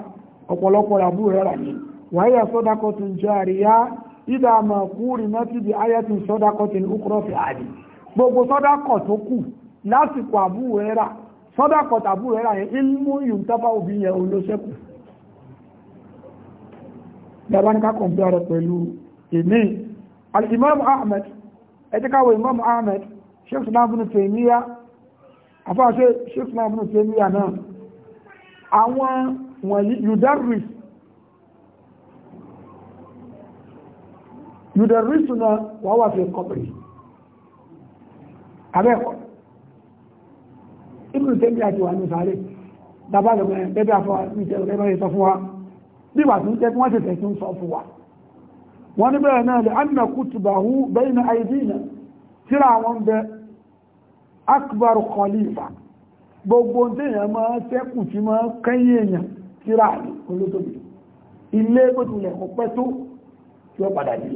[SPEAKER 1] ọ̀pọ̀lọpọ̀ àbú ẹ̀rà ní wàíyà sọ́dákọtún jẹ́ gbogbo sọ́dákọ̀ tó kù lásìkò àbúrò ẹ̀rà sọ́dákọ̀ tàbúrò ẹ̀rà yẹn ilmú yìí tọ́fà òbí yẹn olóṣẹ́kù yabanka kọmpiyara al'imamu ahmed ẹjíkáwọ̀ imamu ahmed sheikh sinabunu tèmíyà afáṣẹ́ sheikh sinabunu tèmíyà náà àwọn wọ̀nyí yudarris yudarrisu náà wà wà fi kọbìrì abẹ́ẹ̀kọ́ ibùdó tẹ́lẹ̀ àti wà ní sàárè bàbá lọ́gbọ̀n ẹ̀ bẹ́bẹ́ àfọwà ní ìtẹ́ ọ̀rẹ́ bẹ́ẹ̀ sọ fún wa bí wà tún tẹ́ kí wọ́n sì tẹ̀ tún sọ fún wa wọ́n ní bẹ́ẹ̀ náà lè anna kutubahu bayna aydina tíra àwọn bẹ akbar khalifa gbogbo téèyàn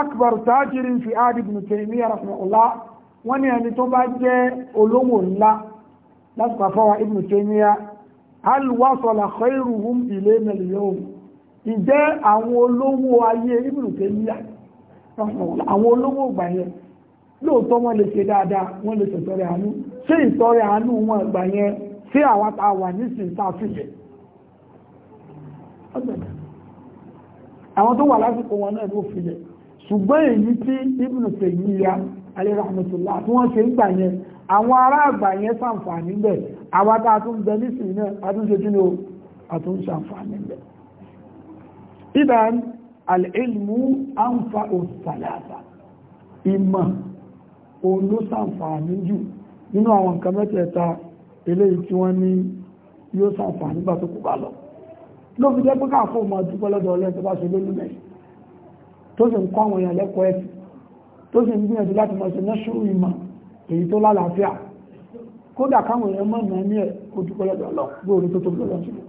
[SPEAKER 1] akbar tajirin fi adi ibn taymiya rahimahullah wọ́n ní ẹni tó bá jẹ́ olówó ńlá lásìkò àfọwà ibn taymiya hal wasala khairuhum ilayna al-yawm ìjẹ́ àwọn olówó ayé ibn taymiya rahimahullah àwọn olówó ìgbà yẹn lóòótọ́ wọ́n lè ṣe dáadáa wọ́n lè ṣètọrẹ àánú ṣé ìtọrẹ àánú wọn ìgbà yẹn sí àwọn ta wà nísìn tá a fi jẹ àwọn tó wà lásìkò wọn náà ló fi jẹ ṣùgbọ́n èyí tí Ibn Taymiyyah alayhi rahmatullah tí wọ́n ṣe ń gbà yẹn àwọn ará àgbà yẹn ṣàǹfààní bẹ̀ àwa tá a tún bẹ nísìnyí náà a tún ṣe kí ni o bẹ̀. idan al-ilmu anfa òṣàlàṣà ìmọ̀ òun ló ṣàǹfààní jù nínú àwọn nǹkan mẹ́tẹ̀ẹ̀ta eléyìí tí wọ́n ní yóò ṣàǹfààní gbà tó kú bá lọ ló fi jẹ́ pé káàfó ọmọ dúpẹ́ lọ́dọ̀ ọlẹ́ tó bá ṣe lólúmẹ̀ẹ́ tó sì ń kọ́ àwọn èèyàn lẹ́kọ̀ọ́ ẹ̀sìn tó sì ń gbìyànjú láti mọ̀ sí nẹ́ṣúrù ìmọ̀ èyí tó lálàáfíà kódà káwọn èèyàn mọ̀ náà ní ẹ̀ ojúkọ́ lọ́dọ̀ lọ gbóòrí tó tóbi lọ́dọ̀ sílẹ̀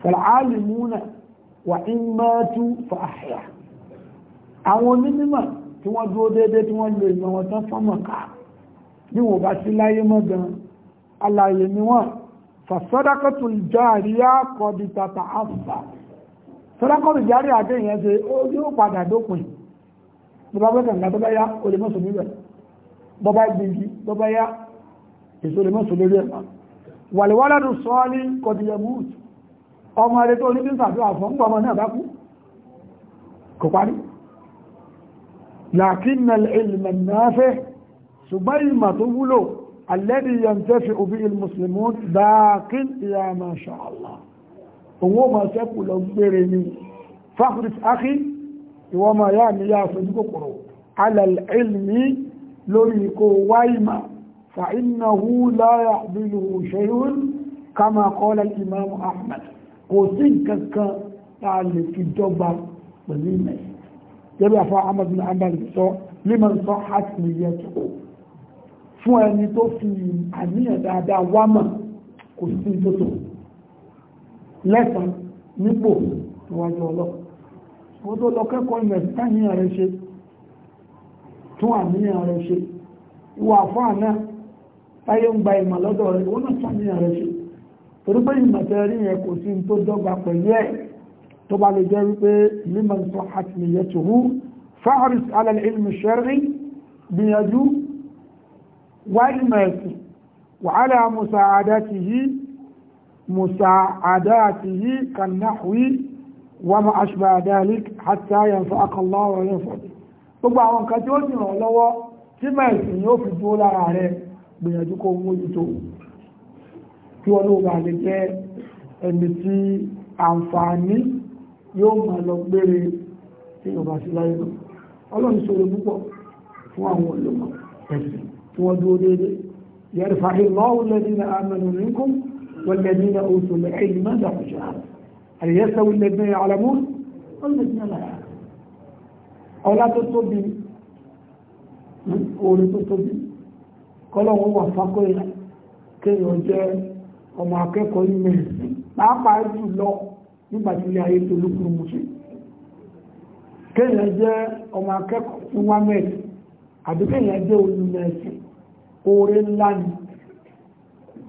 [SPEAKER 1] fàlàálìmúnà wà ń sọ́dákọ́rù járí àti èèyàn ṣe yóò padà dópin bọ́bá gbẹ́kànlá tó bá yá o lè mọ́sùn níbẹ̀ bọ́bá gbìyànjú tó bá yá èso lè mọ́sùn lórí ẹ̀mà wàlúwàládù sọ́ọ́lì kọdíyàmúùtù ọmọ rẹ̀ لكن العلم النافع سبيل ما تقوله الذي ينتفع به المسلمون باق إلى ما شاء الله òun ó máa sẹ́kù lọ gbére ni fakulis akhi ìwọ máa yá mi yá aṣojú kòkòrò alàlẹ́lmi lórí kó wáyìmá fa innahu la ya'diluhu shay'un kama qala al-imam ahmad kò sí nǹkan kan tá fi dọ́gba pẹ̀lú ìmẹ̀ gẹ́gẹ́ àfọ ahmad bin abdul sọ liman sahhat niyyatuhu fún ẹni tó fi àníyàn dáadáa wámọ̀ kò sí tó tó lẹ́sàn nípò níwájú ọlọ́ o tó lọ kẹ́kọ̀ọ́ ìrẹ̀sì táyìn rẹ̀ ṣe tún àníyàn rẹ̀ ṣe ìwà àfáà náà táyé ń gba ìmọ̀ lọ́dọ̀ rẹ̀ wọ́n náà táyìn rẹ̀ ṣe torí pé ìmọ̀tẹ́ rí tó bá lè jẹ́ wípé liman sọ hatmiyatuhu fahris ala al-ilmi shar'i gbìyànjú wá ìmọ̀ ẹ̀sìn wa ala musa'adatihi مساعداته كالنحو وما أشبه ذلك حتى ينفعك الله وينفعك gbogbo àwọn nǹkan tí ó sì ràn lọ́wọ́ tí fi dúró lára gbìyànjú kó kí wọn ló lè jẹ́ ẹni tí àǹfààní yóò máa lọ gbére tí yóò bá sí láyé lọ ọlọ́run sọ̀rọ̀ púpọ̀ fún àwọn olùmọ̀ ẹ̀sìn tí wọ́n dúró déédéé yẹrìfàhìn lọ́wọ́ والذين أوتوا العلم درجات هل يستوي الذين يعلمون والذين لا يعلمون ọlá tó tóbi orí tó tóbi kọ́lọ́wọ́ wà fákọ́ kéèyàn jẹ́ ọmọ akẹ́kọ̀ọ́ ilẹ̀ pàápàá jùlọ nígbàtí ilé ayé tó lókùrù mùsùn kéèyàn jẹ́ ọmọ akẹ́kọ̀ọ́ fún wámẹ́ẹ̀tì àbí kéèyàn jẹ́ olùmẹ̀ẹ̀sì oore ńlá ni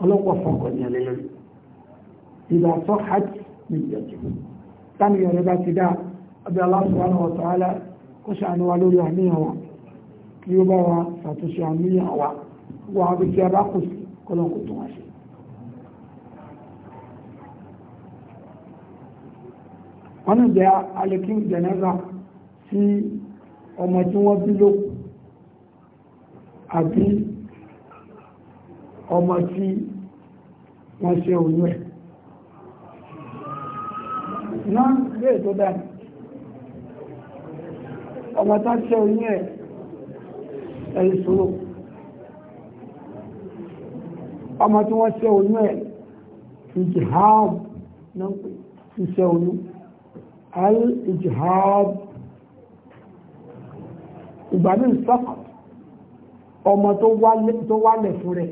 [SPEAKER 1] ọlọ́pọ̀ fọ́nkọ̀ ní alẹ́ lórí ìgbà tó hajj ní ìjọjú tánì yọrọ bá ti dá ọdún aláṣọwọ́nà ọ̀tọ̀ alá kó ṣàánú wa lórí àníyàn wa kí ó bá wa ṣàtúnṣe àníyàn wa wà á bí àbí ọmọ tí wọ́n ṣe oyún ẹ̀ náà lè tó dáa ọmọ tá ṣe oyún ẹ̀ ẹ̀yí ṣòro ọmọ tí wọ́n ṣe oyún ẹ̀ ìjìháàb náà pè iṣẹ́ oyún al ìjìháàb ìgbà ìsọ́kọ̀ ọmọ tó wálẹ̀ fún rẹ̀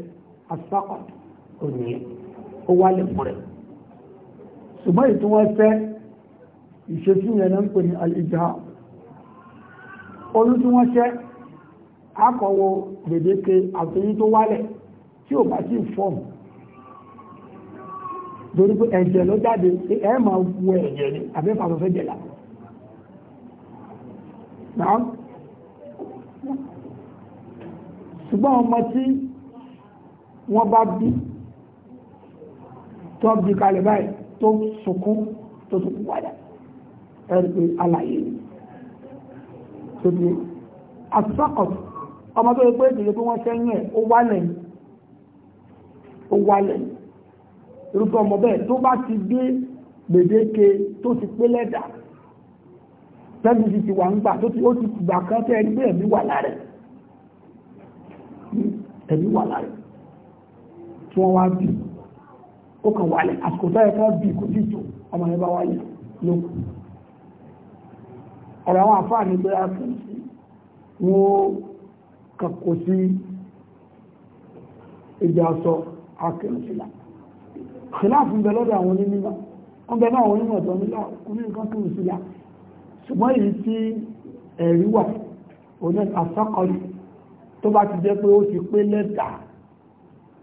[SPEAKER 1] asọ́kọ̀ ò ní ó wálé fún rẹ̀ ṣùgbọ́n ètò wọn fẹ́ ìṣesí yẹn náà ń pè ní alìjá olú tí wọ́n ṣẹ́ akọ̀wọ̀ gbèdéke àtòyí tó wálẹ̀ tí ò bá sí fọ́ọ̀mù torí pé ẹ̀jẹ̀ ló jáde ẹ máa wo ẹ̀jẹ̀ ni àbẹ́fà fẹ́fẹ́ jẹ̀ là ṣùgbọ́n ọmọ tí wọ́n bá bí tó bí kalẹ̀ báyìí tó sunkún tó tún wáyà ẹ̀rù pé alàyè ni tó ti asakọ̀t ọmọ tó yẹ pé ìdílé pé wọ́n sẹ́yìn ẹ̀ ó wálẹ̀ ni ó wálẹ̀ ni irúfẹ́ ọmọ bẹ́ẹ̀ tó bá ti dé gbèdéke tó ti pé lẹ́dà tẹ́lifí ti wà ń gbà tó ti tí wọ́n wá bì ó kàn wálẹ̀ àsìkò tó yẹ ká bì kò sí tó ọmọ yẹn bá wáyé lókù ọ̀rọ̀ àwọn àfáàní pé a kàn sí wọ́n kàn kò sí ìjà sọ akẹ́rù sílá ṣìláàfún bẹ lọ́dọ̀ àwọn onímọ̀ wọ́n bẹ náà àwọn onímọ̀ tó nílá onímọ̀ kan kẹ́rù sílá ṣùgbọ́n èyí tí ẹ̀rí wà oní àsọ́kọ̀lù tó bá ti jẹ́ pé ó ti pé lẹ́tà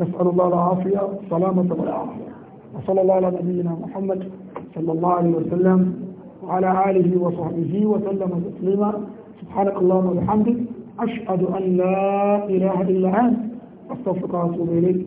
[SPEAKER 1] نسأل الله العافية سلامة والعافية وصلى الله على نبينا محمد صلى الله عليه وسلم وعلى آله وصحبه وسلم تسليما سبحانك اللهم وبحمدك أشهد أن لا إله إلا أنت أستغفرك وأتوب إليك